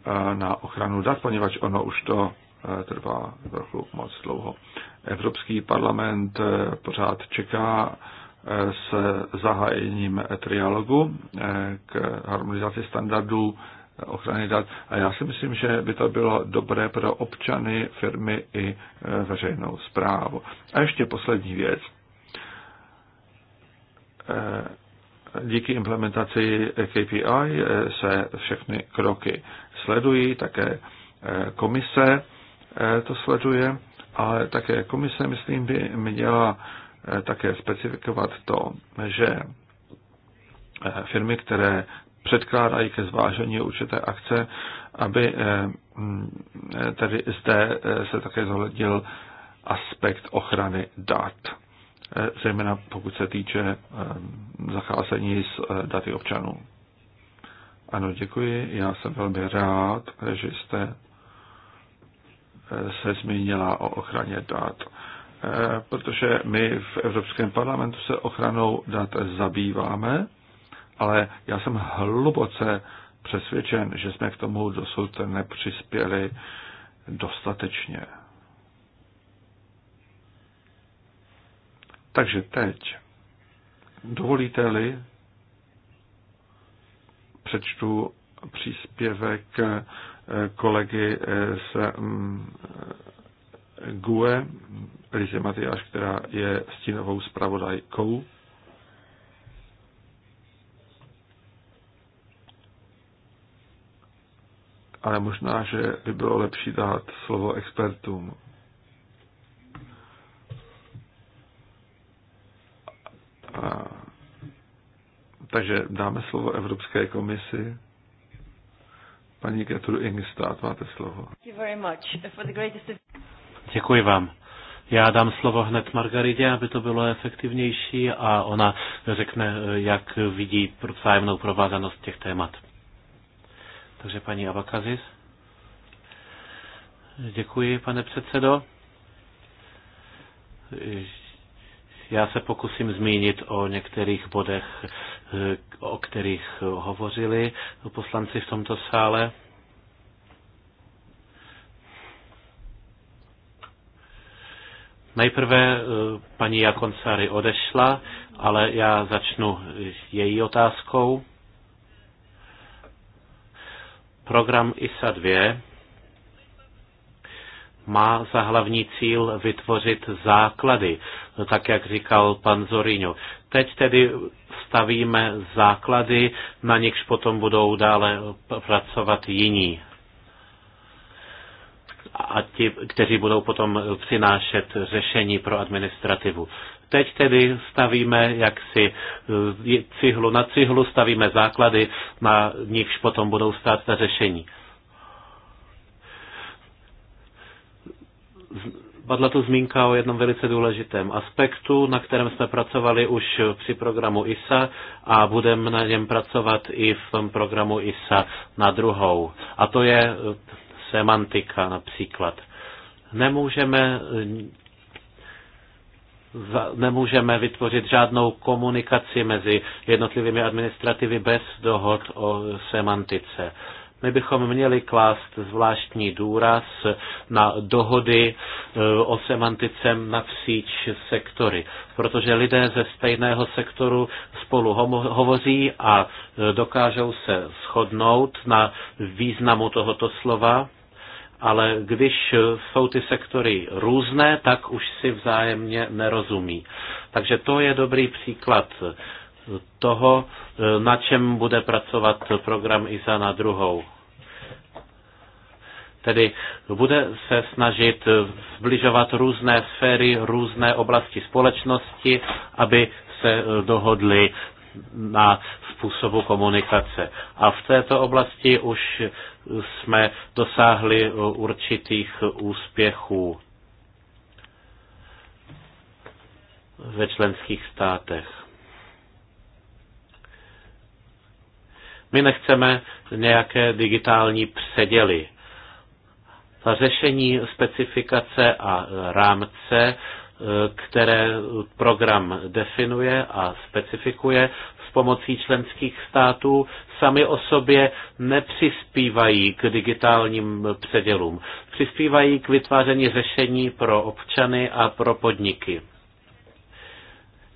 E, na ochranu dat, poněvadž ono už to e, trvá trochu moc dlouho. Evropský parlament e, pořád čeká s zahájením trialogu k harmonizaci standardů ochrany dat. A já si myslím, že by to bylo dobré pro občany, firmy i veřejnou zprávu. A ještě poslední věc. Díky implementaci KPI se všechny kroky sledují, také eh, komise eh, to sleduje, ale také komise, myslím, by měla eh, také specifikovat to, že firmy, které předkládají ke zvážení určité akce, aby mm, tedy zde se také zohlednil aspekt ochrany dat, zejména pokud se týče zacházení s daty občanů. Ano, děkuji. Já jsem velmi rád, že jste eh, se zmínila o ochraně dat, eh, protože my v Evropském parlamentu se ochranou dat zabýváme, ale já jsem hluboce přesvědčen, že jsme k tomu dosud nepřispěli dostatečně. Takže teď, dovolíte-li, přečtu příspěvek eh, kolegy eh, z mm, eh, GUE, Lizy Matyáš, která je stínovou zpravodajkou. Ale možná, že by bylo lepší dát slovo expertům. A takže dáme slovo Evropské komisi. Paní Gertrude Ingstad, máte slovo. Děkuji vám. Já dám slovo hned Margaridě, aby to bylo efektivnější a ona řekne, jak vidí vzájemnou provázanost těch témat. Takže paní Abakazis. Děkuji, pane předsedo. Já se pokusím zmínit o některých bodech, o kterých hovořili poslanci v tomto sále. Nejprve eh, paní Jakoncary odešla, ale já začnu její otázkou. Program ISA 2 má za hlavní cíl vytvořit základy, tak jak říkal pan Zoriňo. Teď tedy stavíme základy, na nichž potom budou dále pracovat jiní a ti, kteří budou potom přinášet řešení pro administrativu. Teď tedy stavíme jaksi eh, cihlu na cihlu, stavíme základy, na nichž potom budou stát ta řešení. Padla tu zmínka o jednom velice důležitém aspektu, na kterém jsme pracovali už při programu ISA a budeme na něm pracovat i v tom programu ISA na druhou. A to je eh, semantika například. Nemůžeme eh, nemůžeme vytvořit žádnou komunikaci mezi jednotlivými administrativy bez dohod o semantice my bychom měli klást zvláštní důraz na dohody e, o semantice napříč sektory, protože lidé ze stejného sektoru spolu hovoří a e, dokážou se shodnout na významu tohoto slova, ale když jsou ty sektory různé, tak už si vzájemně nerozumí. Takže to je dobrý příklad toho, eh, na čem bude pracovat program ISA na druhou. Tedy bude se snažit eh, zbližovat různé sféry, různé oblasti společnosti, aby se eh, dohodli na způsobu komunikace. A v této oblasti už jsme dosáhli určitých úspěchů ve členských státech. My nechceme nějaké digitální předěly. Ta řešení specifikace a rámce, e, které program definuje a specifikuje s pomocí členských států, sami o sobě nepřispívají k digitálním předělům. Přispívají k vytváření řešení pro občany a pro podniky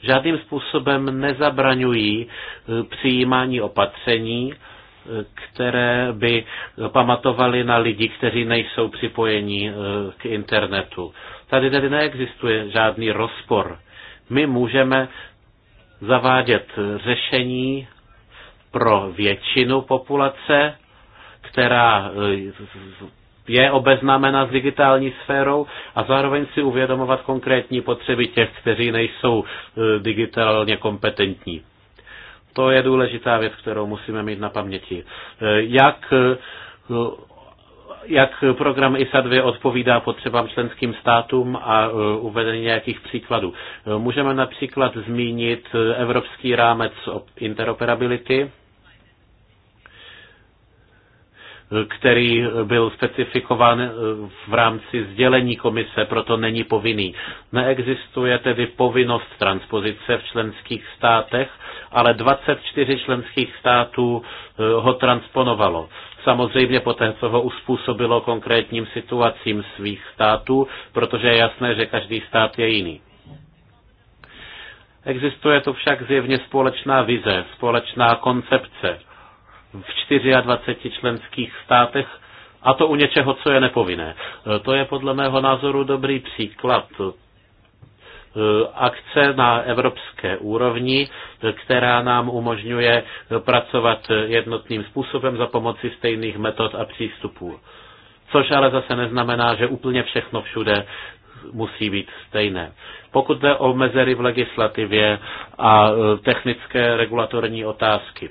žádným způsobem nezabraňují eh, přijímání opatření, eh, které by pamatovaly na lidi, kteří nejsou připojeni eh, k internetu. Tady tedy neexistuje žádný rozpor. My můžeme zavádět řešení pro většinu populace, která je obeznámena s digitální sférou a zároveň si uvědomovat konkrétní potřeby těch, kteří nejsou e, digitálně kompetentní. To je důležitá věc, kterou musíme mít na paměti. E, jak e, jak program ISA 2 odpovídá potřebám členským státům a uvedení nějakých příkladů. Můžeme například zmínit Evropský rámec interoperability, který byl specifikován eh, v rámci sdělení komise, proto není povinný. Neexistuje tedy povinnost transpozice v členských státech, ale 24 členských států eh, ho transponovalo. Samozřejmě poté, co ho uspůsobilo konkrétním situacím svých států, protože je jasné, že každý stát je jiný. Existuje tu však zjevně společná vize, společná koncepce v 24 členských státech a to u něčeho, co je nepovinné. E, to je podle mého názoru dobrý příklad e, akce na evropské úrovni, e, která nám umožňuje pracovat jednotným způsobem za pomoci stejných metod a přístupů. Což ale zase neznamená, že úplně všechno všude musí být stejné. Pokud jde o mezery v legislativě a technické regulatorní otázky.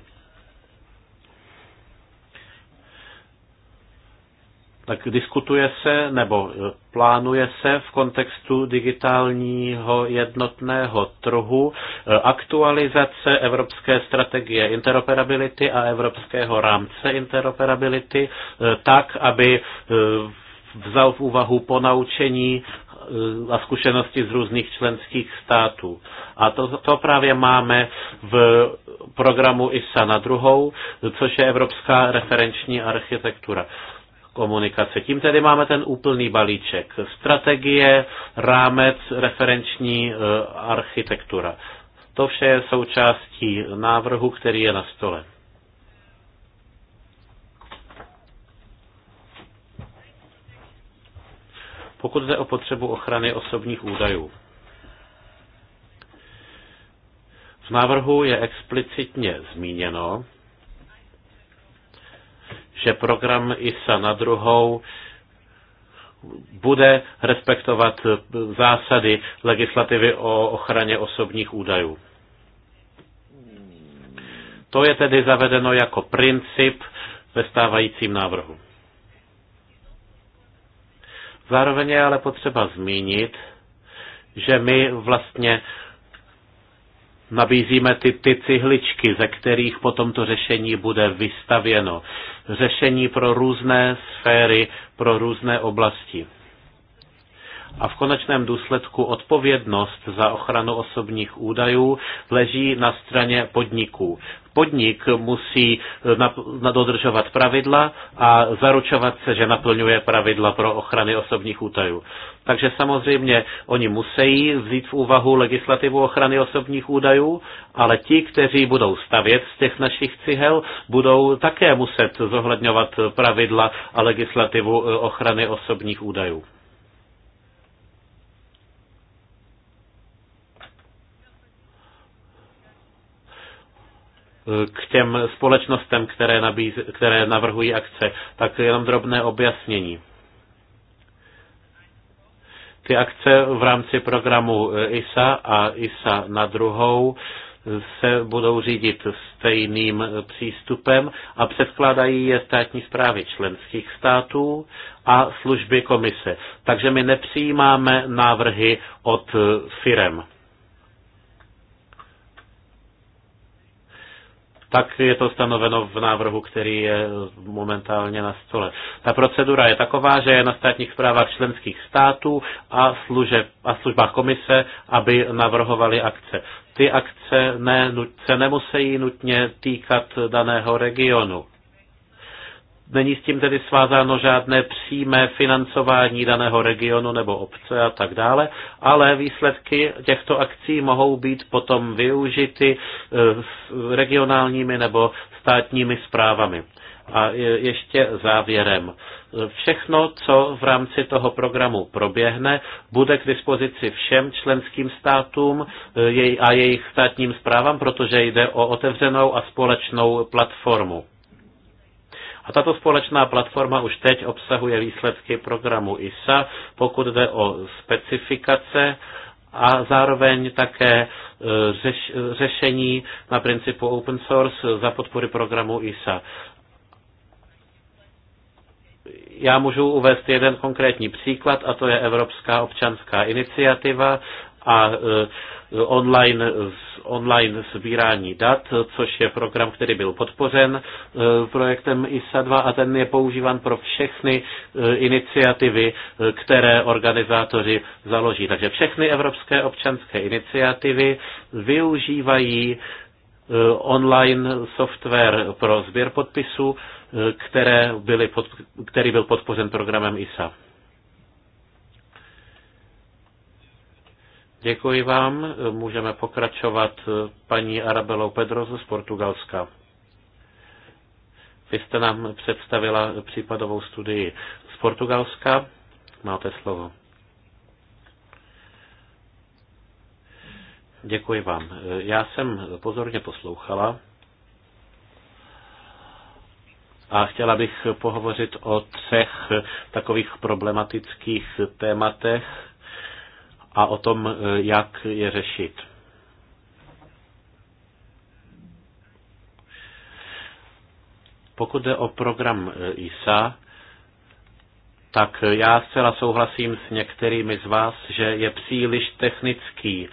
Tak diskutuje se nebo e, plánuje se v kontextu digitálního jednotného trhu e, aktualizace evropské strategie interoperability a evropského rámce interoperability e, tak, aby vzal v úvahu ponaučení a zkušenosti z různých členských států. A to, to právě máme v programu ISA na druhou, což je Evropská referenční architektura komunikace. Tím tedy máme ten úplný balíček. Strategie, rámec, referenční e, architektura. To vše je součástí návrhu, který je na stole. Pokud jde o potřebu ochrany osobních údajů. V návrhu je explicitně zmíněno, že program ISA na druhou bude respektovat zásady legislativy o ochraně osobních údajů. To je tedy zavedeno jako princip ve stávajícím návrhu. Zároveň je ale potřeba zmínit, že my vlastně nabízíme ty, ty cihličky, ze kterých potom to řešení bude vystavěno. Řešení pro různé sféry, pro různé oblasti a v konečném důsledku odpovědnost za ochranu osobních údajů leží na straně podniků. Podnik musí eh, dodržovat pravidla a zaručovat se, že naplňuje pravidla pro ochrany osobních údajů. Takže samozřejmě oni musí vzít v úvahu legislativu ochrany osobních údajů, ale ti, kteří budou stavět z těch našich cihel, budou také muset zohledňovat pravidla a legislativu eh, ochrany osobních údajů. k těm společnostem, které, nabíz, které navrhují akce, tak jenom drobné objasnění. Ty akce v rámci programu ISA a ISA na druhou se budou řídit stejným přístupem a předkládají je státní zprávy členských států a služby komise. Takže my nepřijímáme návrhy od firem. tak je to stanoveno v návrhu, který je momentálně na stole. Ta procedura je taková, že je na státních zprávách členských států a, služeb, a službách komise, aby navrhovali akce. Ty akce ne, se nemusí nutně týkat daného regionu. Není s tím tedy svázáno žádné přímé financování daného regionu nebo obce a tak dále, ale výsledky těchto akcí mohou být potom využity e, regionálními nebo státními správami. A ještě závěrem. Všechno, co v rámci toho programu proběhne, bude k dispozici všem členským státům e, a jejich státním zprávám, protože jde o otevřenou a společnou platformu. A tato společná platforma už teď obsahuje výsledky programu ISA, pokud jde o specifikace a zároveň také e, řeš, e, řešení na principu open source za podpory programu ISA. Já můžu uvést jeden konkrétní příklad, a to je Evropská občanská iniciativa a e, online, online sbírání dat, což je program, který byl podpořen e, projektem ISA 2 a ten je používán pro všechny e, iniciativy, které organizátoři založí. Takže všechny evropské občanské iniciativy využívají online software pro sběr podpisů, které byly pod, který byl podpořen programem ISA. Děkuji vám. Můžeme pokračovat paní Arabelou Pedro z Portugalska. Vy jste nám představila případovou studii z Portugalska. Máte slovo. Děkuji vám. Já jsem pozorně poslouchala a chtěla bych pohovořit o třech takových problematických tématech, a o tom, eh, jak je řešit. Pokud jde o program eh, ISA, tak eh, já zcela souhlasím s některými z vás, že je příliš technický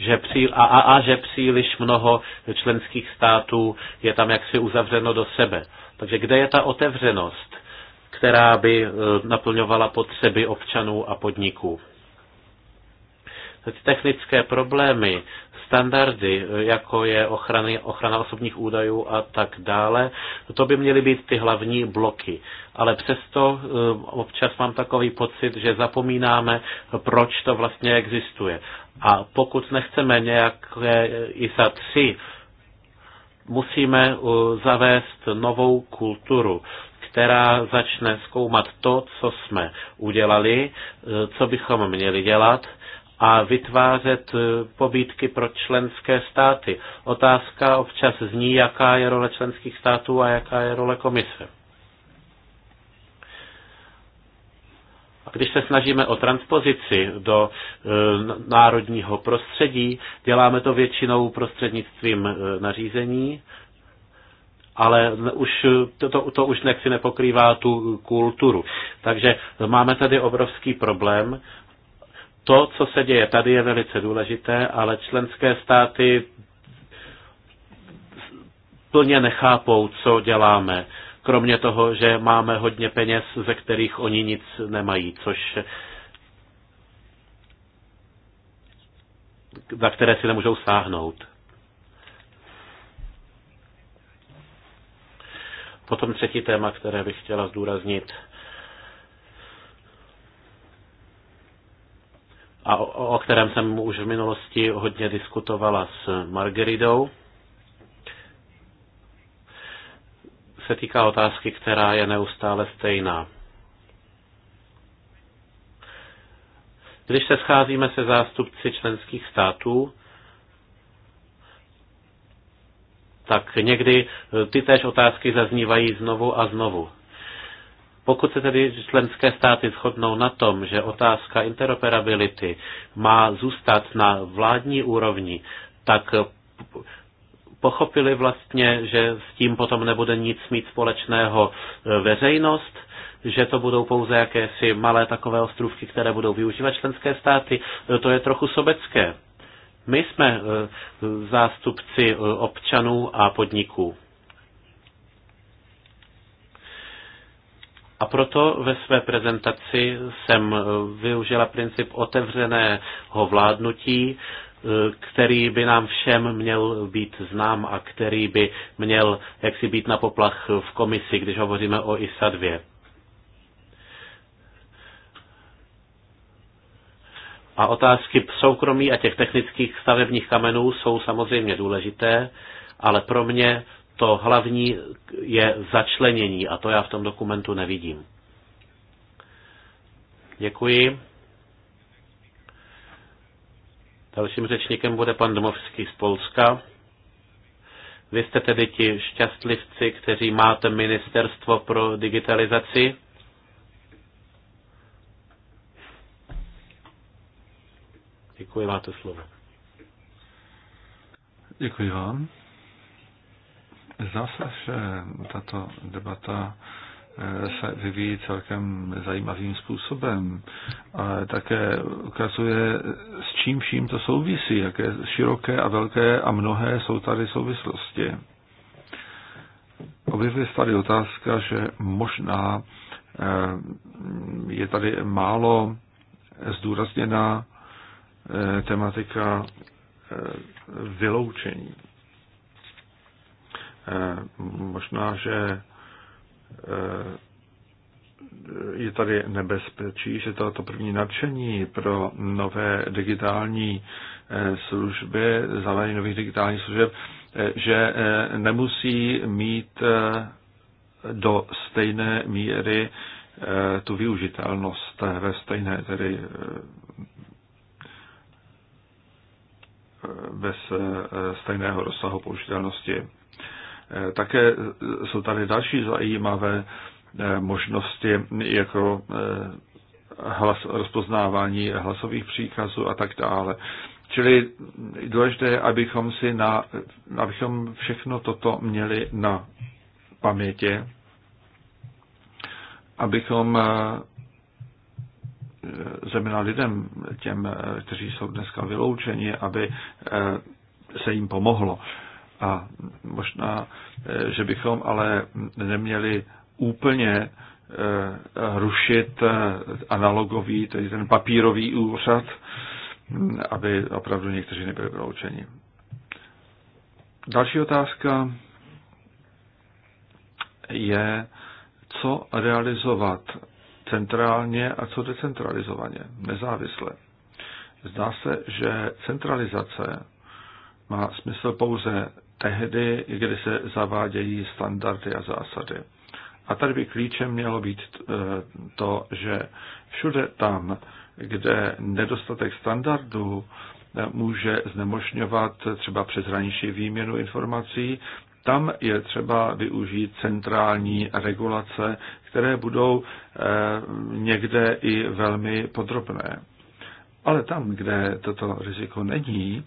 že příl, a, a, a že příliš mnoho členských států je tam jaksi uzavřeno do sebe. Takže kde je ta otevřenost? která by eh, naplňovala potřeby občanů a podniků. Technické problémy, standardy, eh, jako je ochrany, ochrana osobních údajů a tak dále. To by měly být ty hlavní bloky. Ale přesto eh, občas mám takový pocit, že zapomínáme, proč to vlastně existuje. A pokud nechceme nějaké ISA 3, musíme zavést novou kulturu, která začne zkoumat to, co jsme udělali, e, co bychom měli dělat a vytvářet e, pobídky pro členské státy. Otázka občas zní, jaká je role členských států a jaká je role komise. A když se snažíme o transpozici do e, národního prostředí, děláme to většinou prostřednictvím e, nařízení ale už, to, to už nechci nepokrývá tu kulturu. Takže máme tady obrovský problém. To, co se děje tady, je velice důležité, ale členské státy plně nechápou, co děláme. Kromě toho, že máme hodně peněz, ze kterých oni nic nemají, což za které si nemůžou sáhnout. Potom třetí téma, které bych chtěla zdůraznit, a o, o kterém jsem už v minulosti hodně diskutovala s Margeridou, se týká otázky, která je neustále stejná. Když se scházíme se zástupci členských států, tak někdy eh, ty též otázky zaznívají znovu a znovu. Pokud se tedy členské státy shodnou na tom, že otázka interoperability má zůstat na vládní úrovni, tak eh, pochopili vlastně, že s tím potom nebude nic mít společného eh, veřejnost, že to budou pouze jakési malé takové ostrůvky, které budou využívat členské státy, to je trochu sobecké. My jsme eh, zástupci eh, občanů a podniků. A proto ve své prezentaci jsem eh, využila princip otevřeného vládnutí, který by nám všem měl být znám a který by měl jaksi být na poplach v komisi, když hovoříme o ISA 2. A otázky soukromí a těch technických stavebních kamenů jsou samozřejmě důležité, ale pro mě to hlavní je začlenění a to já v tom dokumentu nevidím. Děkuji. Dalším řečníkem bude pan Domovský z Polska. Vy jste tedy ti šťastlivci, kteří máte ministerstvo pro digitalizaci. Děkuji, máte slovo. Děkuji vám. Zdá se, že tato debata eh, se vyvíjí celkem zajímavým způsobem. A také ukazuje, s čím vším to souvisí, jaké široké a velké a mnohé jsou tady souvislosti. Objevuje se tady otázka, že možná eh, je tady málo zdůrazněna Eh, tematika eh, vyloučení. Eh, možná, že je tady nebezpečí, že toto první nadšení pro nové digitální služby, zavedení nových digitálních služeb, že nemusí mít do stejné míry tu využitelnost ve stejné tedy bez eh, stejného rozsahu použitelnosti. Eh, také eh, jsou tady další zajímavé možnosti, jako hlas, rozpoznávání hlasových příkazů a tak dále. Čili důležité je, abychom, si na, abychom všechno toto měli na paměti, abychom zeměna lidem, těm, kteří jsou dneska vyloučeni, aby eh, se jim pomohlo. A možná, eh, že bychom ale neměli úplně eh, rušit analogový, tedy ten papírový úřad, hm, aby opravdu někteří nebyli vyloučeni. Další otázka je, co realizovat centrálně a co decentralizovaně, nezávisle. Zdá se, že centralizace má smysl pouze tehdy, kdy se zavádějí standardy a zásady. A tady by klíčem mělo být eh, to, že všude tam, kde nedostatek standardů eh, může znemožňovat třeba přeshraniční výměnu informací, tam je třeba využít centrální regulace, které budou eh, někde i velmi podrobné. Ale tam, kde toto riziko není,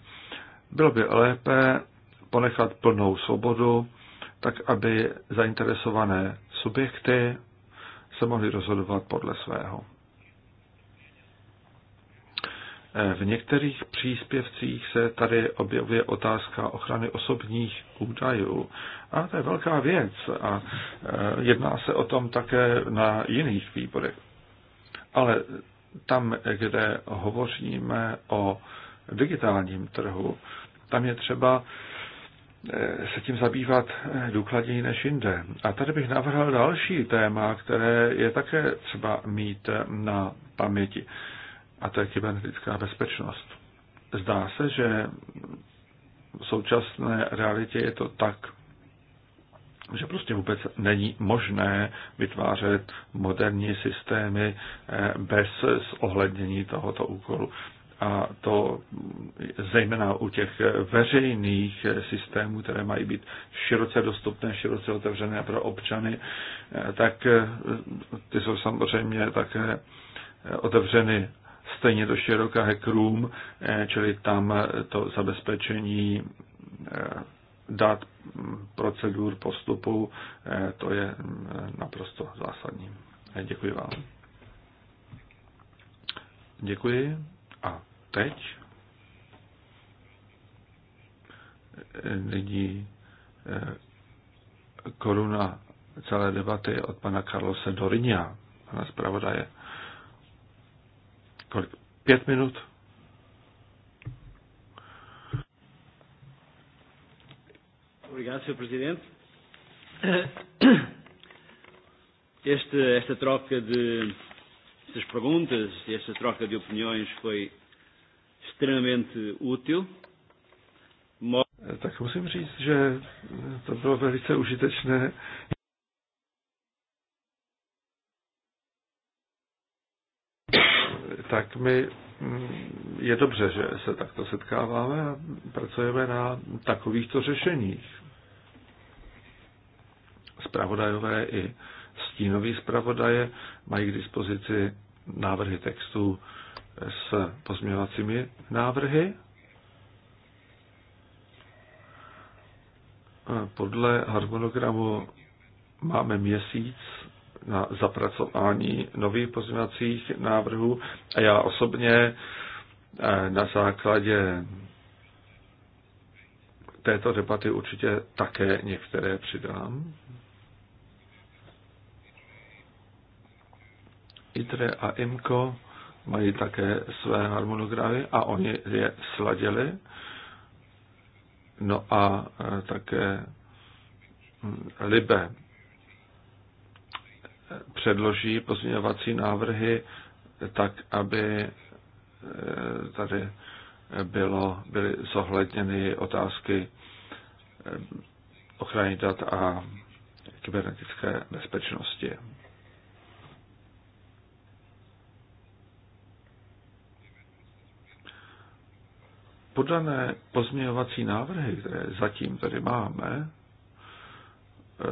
bylo by lépe ponechat plnou svobodu, tak aby zainteresované subjekty se mohly rozhodovat podle svého. V některých příspěvcích se tady objevuje otázka ochrany osobních údajů. A to je velká věc a e, jedná se o tom také na jiných výborech. Ale tam, kde hovoříme o digitálním trhu, tam je třeba e, se tím zabývat e, důkladněji než jinde. A tady bych navrhl další téma, které je také třeba mít na paměti a to je kybernetická bezpečnost. Zdá se, že v současné realitě je to tak, že prostě vůbec není možné vytvářet moderní systémy eh, bez zohlednění tohoto úkolu. A to zejména u těch veřejných systémů, které mají být široce dostupné, široce otevřené pro občany, eh, tak eh, ty jsou samozřejmě také otevřeny stejně do široka hackerům, eh, čili tam eh, to zabezpečení eh, dat, procedur postupu, to je mm, naprosto zásadní. Děkuji vám. Děkuji. A teď lidi koruna celé debaty od pana Carlose Dorinia, pana zpravodaje. Kolik? Pět minut? Obrigado, Sr. Presidente. Este, esta troca de estas perguntas, e esta troca de opiniões foi extremamente útil. Eh, tak musím říct, že to bylo velice užitečné tak my mm, je dobře, že se takto setkáváme a pracujeme na takovýchto řešeních. Spravodajové i stínoví zpravodaje mají k dispozici návrhy textů s pozměňovacími návrhy. Podle harmonogramu máme měsíc na zapracování nových pozměňovacích návrhů a já osobně eh, na základě této debaty určitě také některé přidám. ITRE a IMCO mají také své harmonogramy a oni je sladili. No a eh, také hm, Libe předloží pozměňovací návrhy tak, aby eh, tady bylo, byly zohledněny otázky eh, ochrany dat a kybernetické bezpečnosti. Podané pozměňovací návrhy, které zatím tady máme, eh,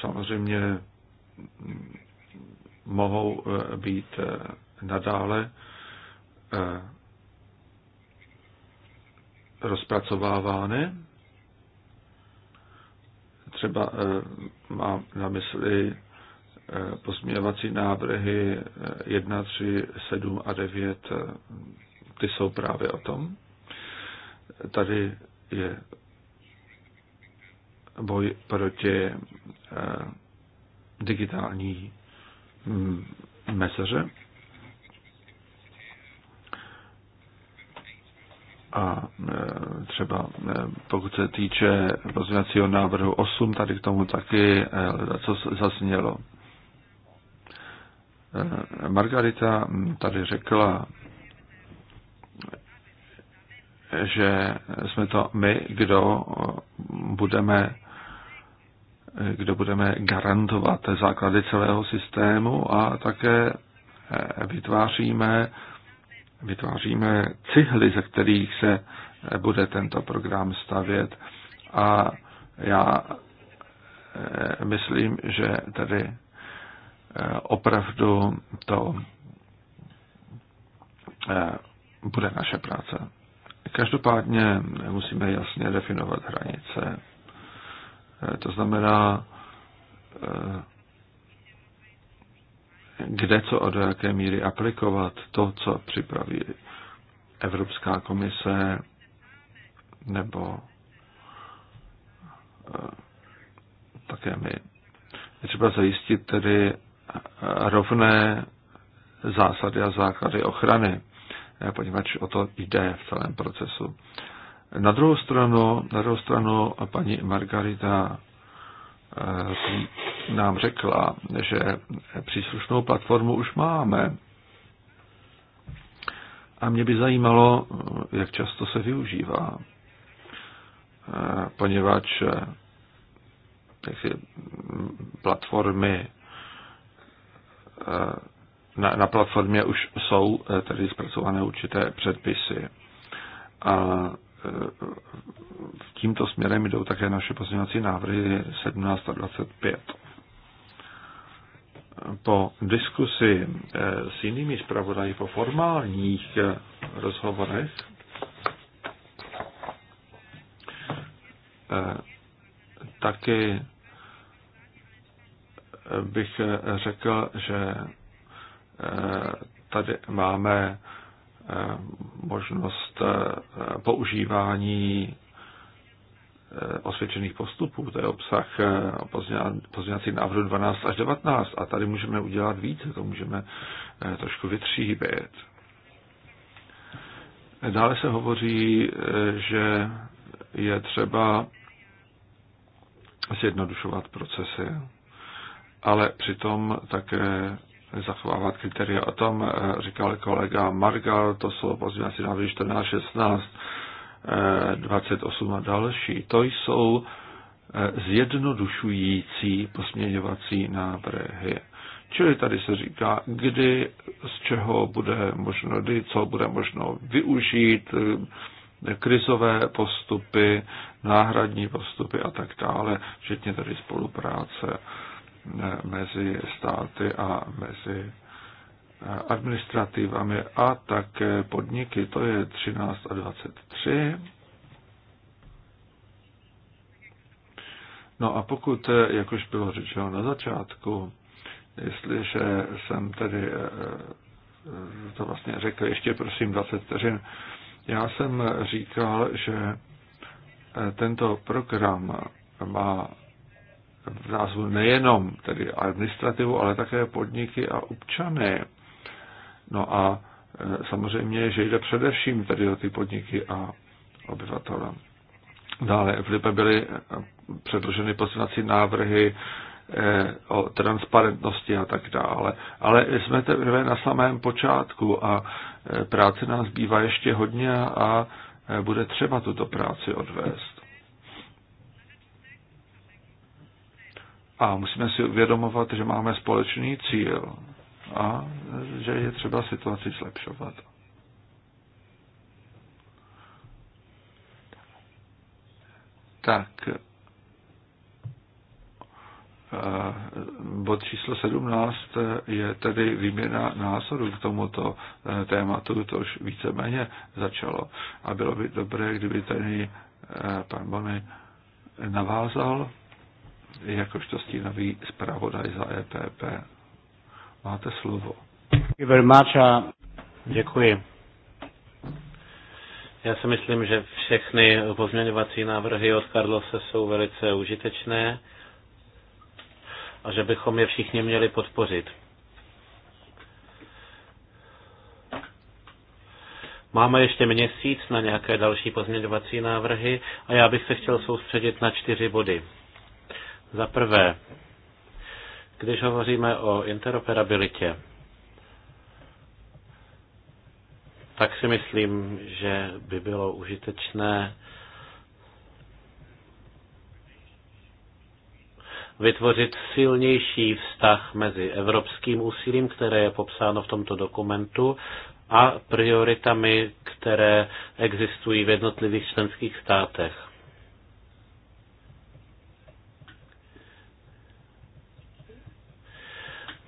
samozřejmě mohou eh, být eh, nadále eh, rozpracovávány. Třeba mám na mysli pozměňovací návrhy 1, 3, 7 a 9, ty jsou právě o tom. Tady je boj proti digitální mm, meseře. A e, třeba e, pokud se týče pozměňovacího návrhu 8, tady k tomu taky e, co zasnělo. Margarita tady řekla, že jsme to my, kdo budeme kdo budeme garantovat základy celého systému a také eh, vytváříme, vytváříme cihly, ze kterých se eh, bude tento program stavět. A já eh, myslím, že tady opravdu to bude naše práce. Každopádně musíme jasně definovat hranice Eh, to znamená, eh, kde co a do jaké míry aplikovat to, co připraví Evropská komise nebo eh, také my. Je třeba zajistit tedy rovné zásady a základy ochrany, poněvadž o to jde v celém procesu. Na druhou stranu, na druhou stranu paní Margarita eh, nám řekla, že příslušnou platformu už máme. A mě by zajímalo, eh, jak často se využívá, eh, poněvadž mm, platformy na, na platformě už jsou tedy zpracované určité předpisy. A v e, e, tímto směrem jdou také naše pozměňovací návrhy 17 a 25. Po diskusi e, s jinými zpravodaji, po formálních rozhovorech, taky bych řekl, že tady máme Eh, možnost eh, používání eh, osvědčených postupů, to je obsah pozměňovacích návrhů 12 až 19 a tady můžeme udělat více, to můžeme trošku vytříbit. Dále se hovoří, že je třeba zjednodušovat procesy, ale přitom také zachovávat kritéria. O tom eh, říkal kolega Margal, to jsou pozměňovací návrhy 14, 16, 28 a další. To jsou eh, zjednodušující posměňovací návrhy. Čili tady se říká, kdy, z čeho bude možno, kdy, co bude možno využít, eh, krizové postupy, náhradní postupy a tak dále, včetně tady spolupráce mezi státy a mezi eh, administrativami a také podniky. To je 13 a 23. No a pokud, eh, jak už bylo řečeno na začátku, jestliže jsem tedy eh, to vlastně řekl, ještě prosím 20 vteřin, já jsem říkal, že tento program má v názvu nejenom tedy administrativu, ale také podniky a občany. No a e, samozřejmě, že jde především tedy o ty podniky a obyvatele. Dále v Libe byly e, předloženy poslanací návrhy e, o transparentnosti a tak dále. Ale jsme teprve na samém počátku a práce nás bývá ještě hodně a bude třeba tuto práci odvést. A musíme si uvědomovat, že máme společný cíl a že je třeba situaci zlepšovat. Tak, eh, bod číslo 17 eh, je tedy výměna názorů k tomuto eh, tématu, to už víceméně začalo. A bylo by dobré, kdyby tady pan Bony navázal jakožto stínový zpravodaj za EPP. Máte slovo. Uh, Děkuji. Já si myslím, že všechny pozměňovací návrhy od Karlose jsou velice užitečné a že bychom je všichni měli podpořit. Máme ještě měsíc na nějaké další pozměňovací návrhy a já bych se chtěl soustředit na čtyři body. Za prvé, když hovoříme o interoperabilitě, tak si myslím, že by bylo užitečné vytvořit silnější vztah mezi evropským úsilím, které je popsáno v tomto dokumentu, a prioritami, které existují v jednotlivých členských státech.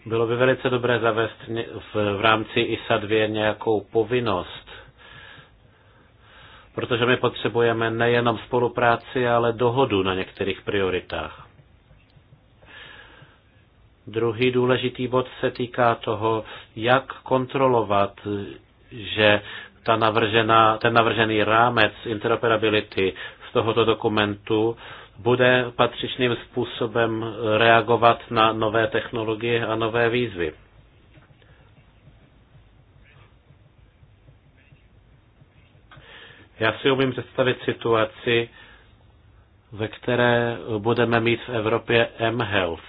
Bylo by velice dobré zavést v, v rámci ISA 2 nějakou povinnost, protože my potřebujeme nejenom spolupráci, ale dohodu na některých prioritách. Druhý důležitý bod se týká toho, jak kontrolovat, že ta navržená, ten navržený rámec interoperability z tohoto dokumentu bude patřičným způsobem reagovat na nové technologie a nové výzvy. Já si umím představit situaci, ve které budeme mít v Evropě mHealth.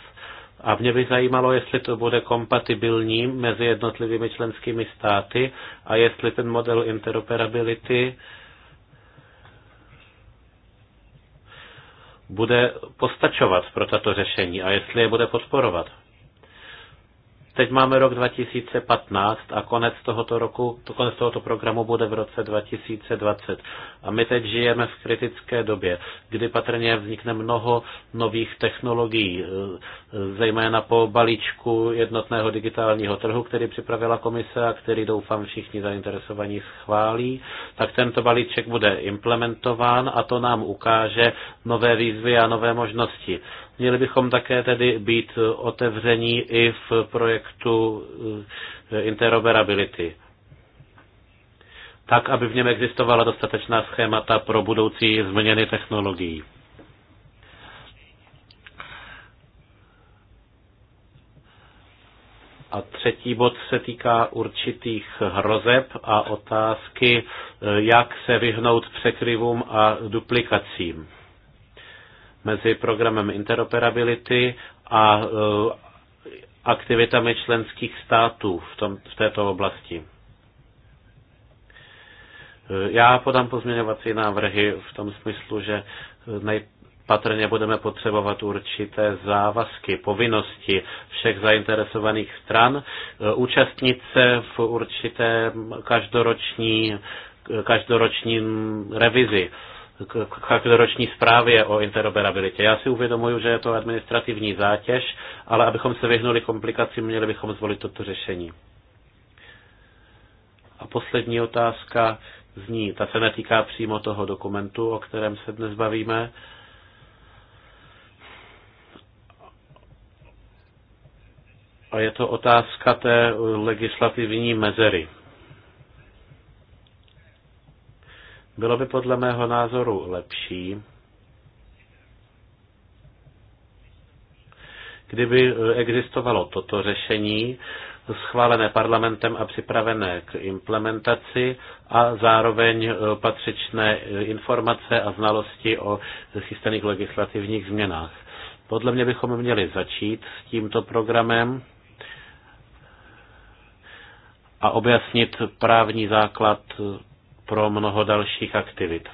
A mě by zajímalo, jestli to bude kompatibilní mezi jednotlivými členskými státy a jestli ten model interoperability bude postačovat pro tato řešení a jestli je bude podporovat. Teď máme rok 2015 a konec tohoto roku, to konec tohoto programu bude v roce 2020. A my teď žijeme v kritické době, kdy patrně vznikne mnoho nových technologií, e, e, zejména po balíčku jednotného digitálního trhu, který připravila komise a který doufám všichni zainteresovaní schválí, tak tento balíček bude implementován a to nám ukáže nové výzvy a nové možnosti. Měli bychom také tedy být otevření i v projektu eh, interoperability tak, aby v něm existovala dostatečná schémata pro budoucí změny technologií. A třetí bod se týká určitých hrozeb a otázky, eh, jak se vyhnout překryvům a duplikacím mezi programem interoperability a eh, aktivitami členských států v, tom, v této oblasti. Eh, já podám pozměňovací návrhy v tom smyslu, že eh, nejpatrně patrně budeme potřebovat určité závazky, povinnosti všech zainteresovaných stran, účastnit se v určité každoroční, každoročním revizi každoroční zprávě o interoperabilitě. Já si uvědomuji, že je to administrativní zátěž, ale abychom se vyhnuli komplikacím, měli bychom zvolit toto řešení. A poslední otázka zní, ta se netýká přímo toho dokumentu, o kterém se dnes bavíme, a je to otázka té legislativní mezery. Bylo by podle mého názoru lepší, kdyby eh, existovalo toto řešení, schválené parlamentem a připravené k implementaci a zároveň eh, patřičné eh, informace a znalosti o chystaných legislativních změnách. Podle mě bychom měli začít s tímto programem a objasnit právní základ pro mnoho dalších aktivit.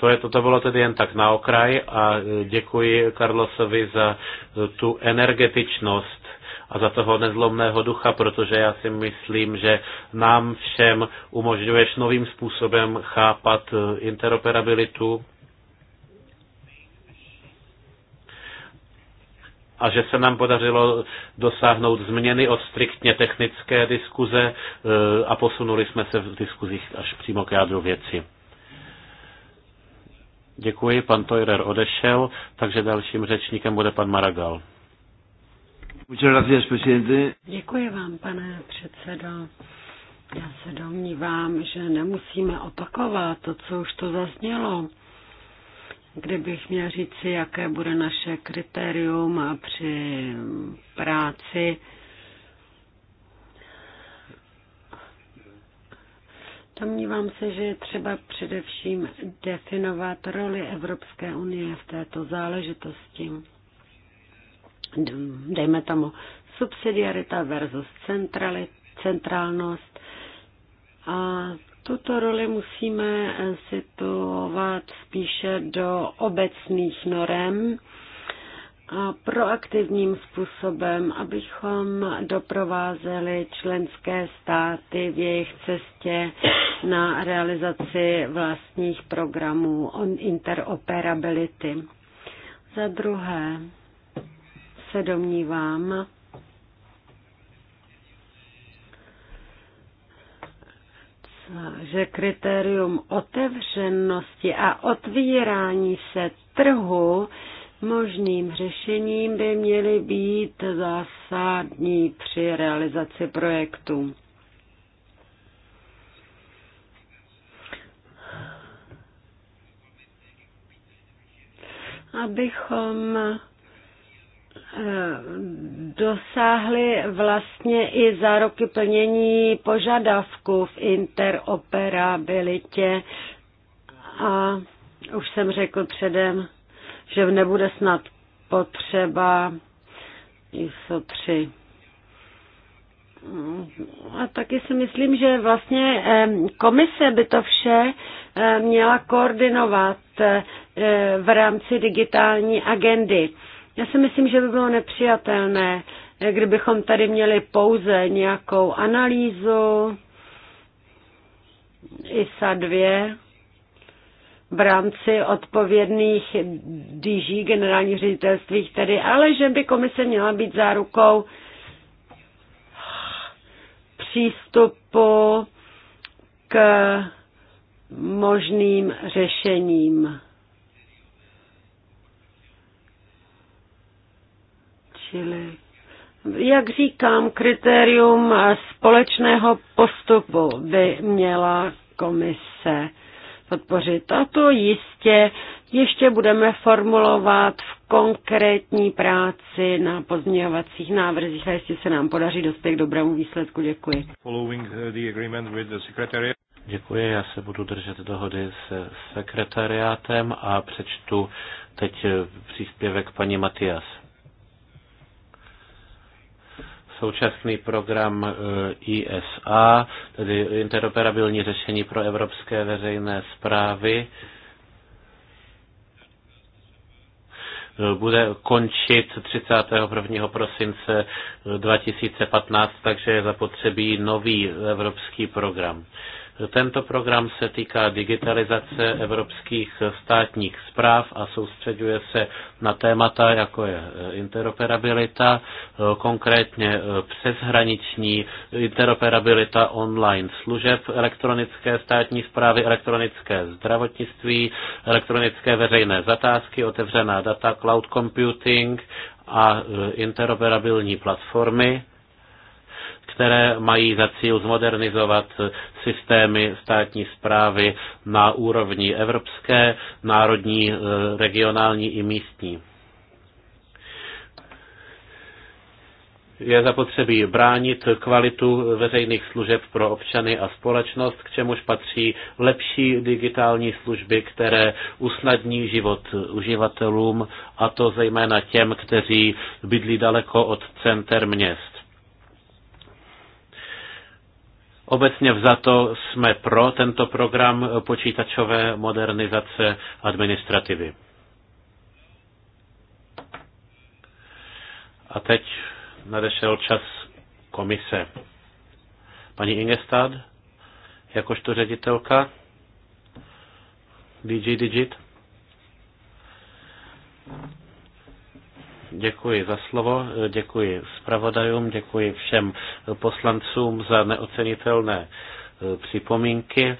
To, je, to bylo tedy jen tak na okraj a e, děkuji Karlosovi za e, tu energetičnost a za toho nezlomného ducha, protože já si myslím, že nám všem umožňuješ novým způsobem chápat e, interoperabilitu a že se nám podařilo dosáhnout změny od striktně technické diskuze e, a posunuli jsme se v diskuzích až přímo k jádru věci. Děkuji, pan Toirer odešel, takže dalším řečníkem bude pan Maragal. Děkuji vám, pane předsedo. Já se domnívám, že nemusíme opakovat to, co už to zaznělo. Kdybych měl říci, jaké bude naše kritérium při práci, Domnívám se, že je třeba především definovat roli Evropské unie v této záležitosti. Dejme tomu subsidiarita versus centrali, centrálnost a tuto roli musíme situovat spíše do obecných norem a proaktivním způsobem, abychom doprovázeli členské státy v jejich cestě na realizaci vlastních programů on interoperability. Za druhé se domnívám, že kritérium otevřenosti a otvírání se trhu možným řešením by měly být zásadní při realizaci projektu. Abychom dosáhly vlastně i zároky plnění požadavků v interoperabilitě a už jsem řekl předem, že nebude snad potřeba ISO 3. A taky si myslím, že vlastně komise by to vše měla koordinovat v rámci digitální agendy. Já si myslím, že by bylo nepřijatelné, kdybychom tady měli pouze nějakou analýzu ISA 2 v rámci odpovědných DG generálních ředitelství tedy, ale že by komise měla být zárukou přístupu k možným řešením. Čili, jak říkám, kritérium společného postupu by měla komise podpořit. A to jistě ještě budeme formulovat v konkrétní práci na pozměňovacích návrzích a jestli se nám podaří dospět k dobrému výsledku. Děkuji. Uh, Děkuji, já se budu držet dohody se sekretariátem a přečtu teď uh, příspěvek paní Matias současný program e, ISA, tedy interoperabilní řešení pro evropské veřejné zprávy, e, bude končit 31. prosince 2015, e, takže je zapotřebí nový evropský program. Tento program se týká digitalizace evropských státních zpráv a soustředuje se na témata, jako je e, interoperabilita, e, konkrétně e, přeshraniční interoperabilita online služeb, elektronické státní zprávy, elektronické zdravotnictví, elektronické veřejné zatázky, otevřená data, cloud computing a interoperabilní platformy které mají za cíl zmodernizovat systémy státní zprávy na úrovni evropské, národní, eh, regionální i místní. je zapotřebí bránit kvalitu veřejných služeb pro občany a společnost, k čemuž patří lepší digitální služby, které usnadní život uživatelům, a to zejména těm, kteří bydlí daleko od center měst. Obecně vzato jsme pro tento program počítačové modernizace administrativy. A teď nadešel čas komise. Paní Ingestad, jakožto ředitelka DG Digit. Děkuji za slovo, děkuji zpravodajům, děkuji všem poslancům za neocenitelné e, připomínky. E,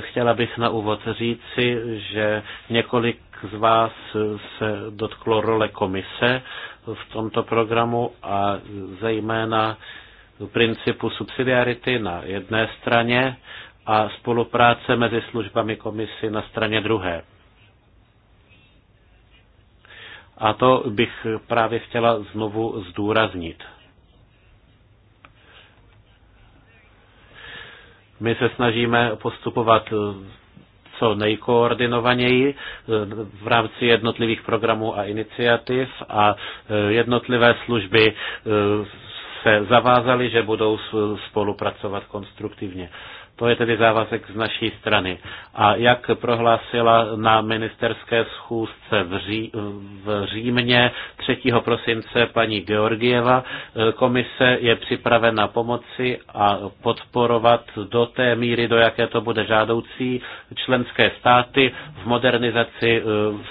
chtěla bych na úvod říci, že několik z vás se dotklo role komise v tomto programu a zejména principu subsidiarity na jedné straně a spolupráce mezi službami komisy na straně druhé. A to bych právě chtěla znovu zdůraznit. My se snažíme postupovat co nejkoordinovaněji e, v rámci jednotlivých programů a iniciativ a e, jednotlivé služby e, se zavázaly, že budou spolupracovat konstruktivně. To je tedy závazek z naší strany. A jak prohlásila na ministerské schůzce v, Ří, v Římě 3. prosince paní Georgieva, eh, komise je připravena pomoci a podporovat do té míry, do jaké to bude žádoucí, členské státy v modernizaci eh,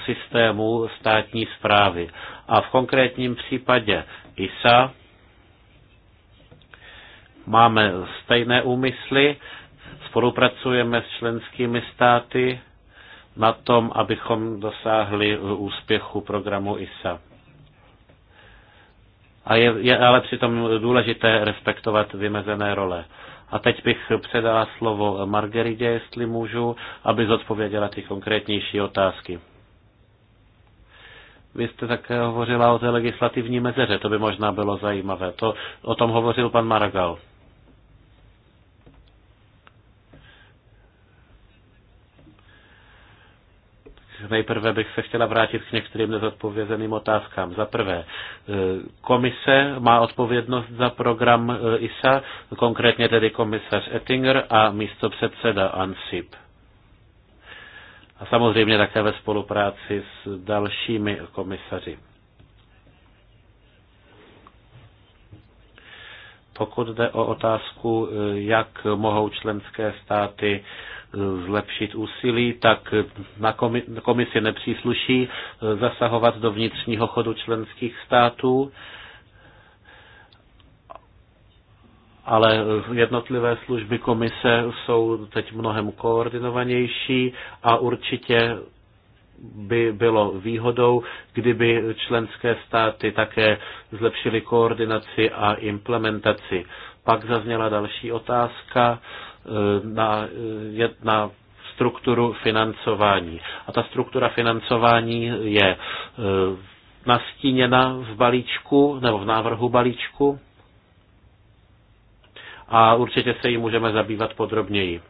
systému státní zprávy. A v konkrétním případě ISA máme stejné úmysly, Spolupracujeme s členskými státy na tom, abychom dosáhli úspěchu programu ISA. A je, je ale přitom důležité respektovat vymezené role. A teď bych předala slovo Margeridě, jestli můžu, aby zodpověděla ty konkrétnější otázky. Vy jste také hovořila o té legislativní mezeře, to by možná bylo zajímavé. To, o tom hovořil pan Maragal. nejprve bych se chtěla vrátit k některým nezodpovězeným otázkám. Za prvé, e, komise má odpovědnost za program e, ISA, konkrétně tedy komisař Ettinger a místo předseda ANSIP. A samozřejmě také ve spolupráci s dalšími komisaři. Pokud jde o otázku, e, jak mohou členské státy zlepšit úsilí, tak na komisi nepřísluší eh, zasahovat do vnitřního chodu členských států, ale jednotlivé služby komise jsou teď mnohem koordinovanější a určitě by bylo výhodou, kdyby členské státy také zlepšily koordinaci a implementaci. Pak zazněla další otázka Eh, na, eh, na strukturu financování. A ta struktura financování je eh, nastíněna v balíčku nebo v návrhu balíčku a určitě se jí můžeme zabývat podrobněji.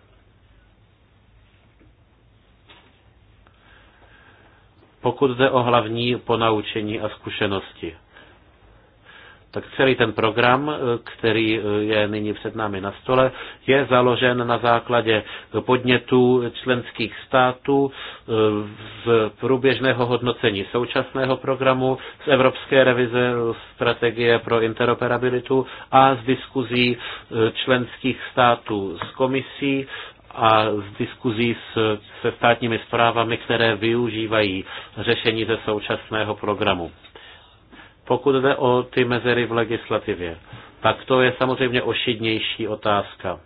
Pokud jde o hlavní ponaučení a zkušenosti tak celý ten program, eh, který eh, je nyní před námi na stole, je založen na základě podnětů členských států z eh, průběžného hodnocení současného programu, z Evropské revize strategie pro interoperabilitu a z diskuzí členských států s komisí a z diskuzí s, se státními zprávami, které využívají řešení ze současného programu. Pokud jde o ty mezery v legislativě, tak to je samozřejmě ošidnější otázka.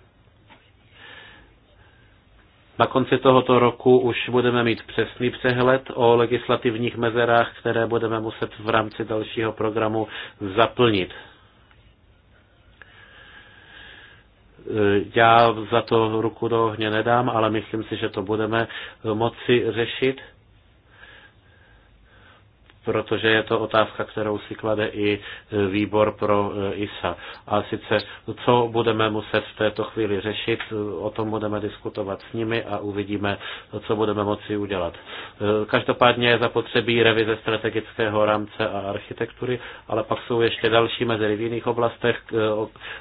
Na konci tohoto roku už budeme mít přesný přehled o legislativních mezerách, které budeme muset v rámci dalšího programu zaplnit. Já za to ruku do ohně nedám, ale myslím si, že to budeme moci řešit protože je to otázka, kterou si klade i e, výbor pro e, ISA. A sice, co budeme muset v této chvíli řešit, e, o tom budeme diskutovat s nimi a uvidíme, co budeme moci udělat. Každopádně je zapotřebí revize strategického rámce a architektury, ale pak jsou ještě další mezery v jiných oblastech,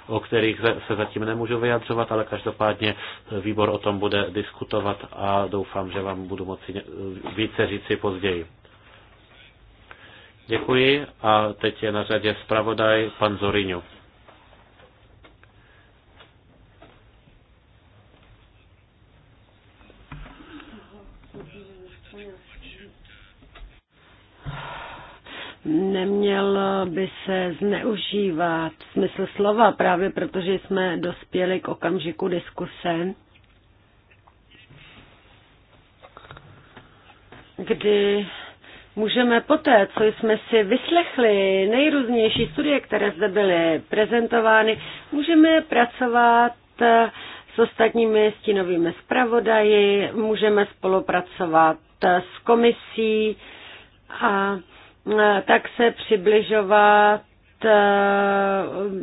o kterých se zatím nemůžu vyjadřovat, ale každopádně výbor o tom bude diskutovat a doufám, že vám budu moci více říci později. Děkuji a teď je na řadě zpravodaj pan Zoriňu. neměl by se zneužívat smysl slova, právě protože jsme dospěli k okamžiku diskuse, kdy můžeme poté, co jsme si vyslechli nejrůznější studie, které zde byly prezentovány, můžeme pracovat eh, s ostatními stínovými zpravodaji, můžeme spolupracovat eh, s komisí a eh, tak se přibližovat Eh,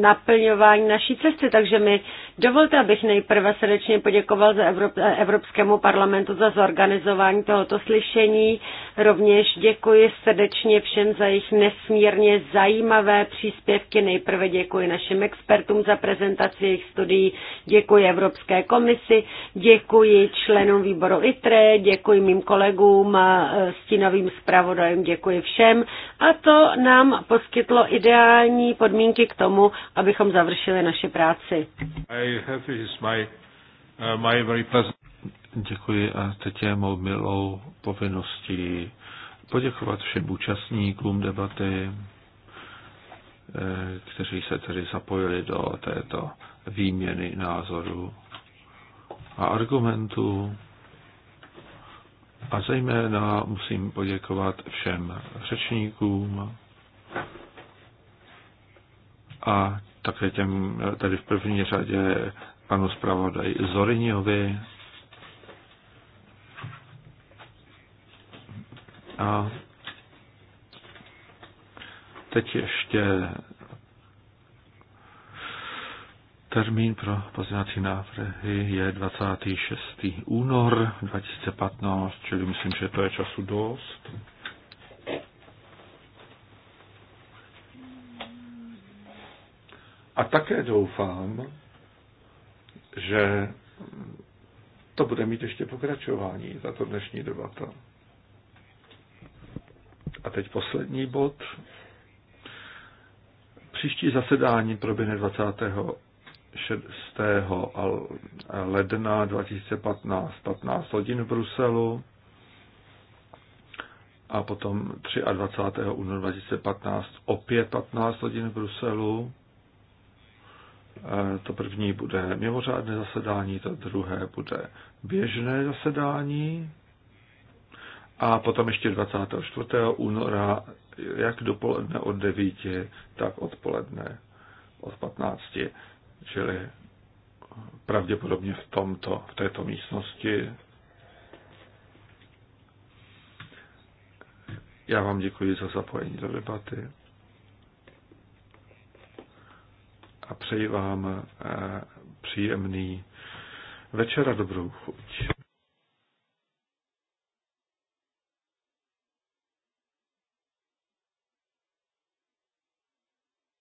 naplňování naší cesty. Takže mi dovolte, abych nejprve srdečně poděkoval za eh, Evropskému parlamentu za zorganizování tohoto slyšení. Rovněž děkuji srdečně všem za jejich nesmírně zajímavé příspěvky. Nejprve děkuji našim expertům za prezentaci jejich studií, děkuji Evropské komisi, děkuji členům výboru ITRE, děkuji mým kolegům, eh, stínovým zpravodajům, děkuji všem. A to nám poskytlo ide ideální podmínky k tomu, abychom završili naši práci. Uh, Děkuji a teď je mou milou povinností poděkovat všem účastníkům debaty, eh, kteří se tedy zapojili do této výměny názorů a argumentů. A zejména musím poděkovat všem řečníkům, a také těm, tady v první řadě panu zpravodaji Zoriniovi a teď ještě Termín pro pozměňovací návrhy je 26. únor 2015, čili myslím, že to je času dost. A také doufám, že to bude mít ještě pokračování, tato dnešní debata. A teď poslední bod. Příští zasedání proběhne 26. ledna 2015, 15 hodin v Bruselu a potom 23. února 2015 opět 15 hodin v Bruselu Eh, to první bude mimořádné zasedání, to druhé bude běžné zasedání. A potom ještě 24. února, jak dopoledne od 9, tak odpoledne od 15. Čili pravděpodobně v, tomto, v této místnosti. Já vám děkuji za zapojení do debaty. a přeji vám eh, příjemný večer a dobrou chuť.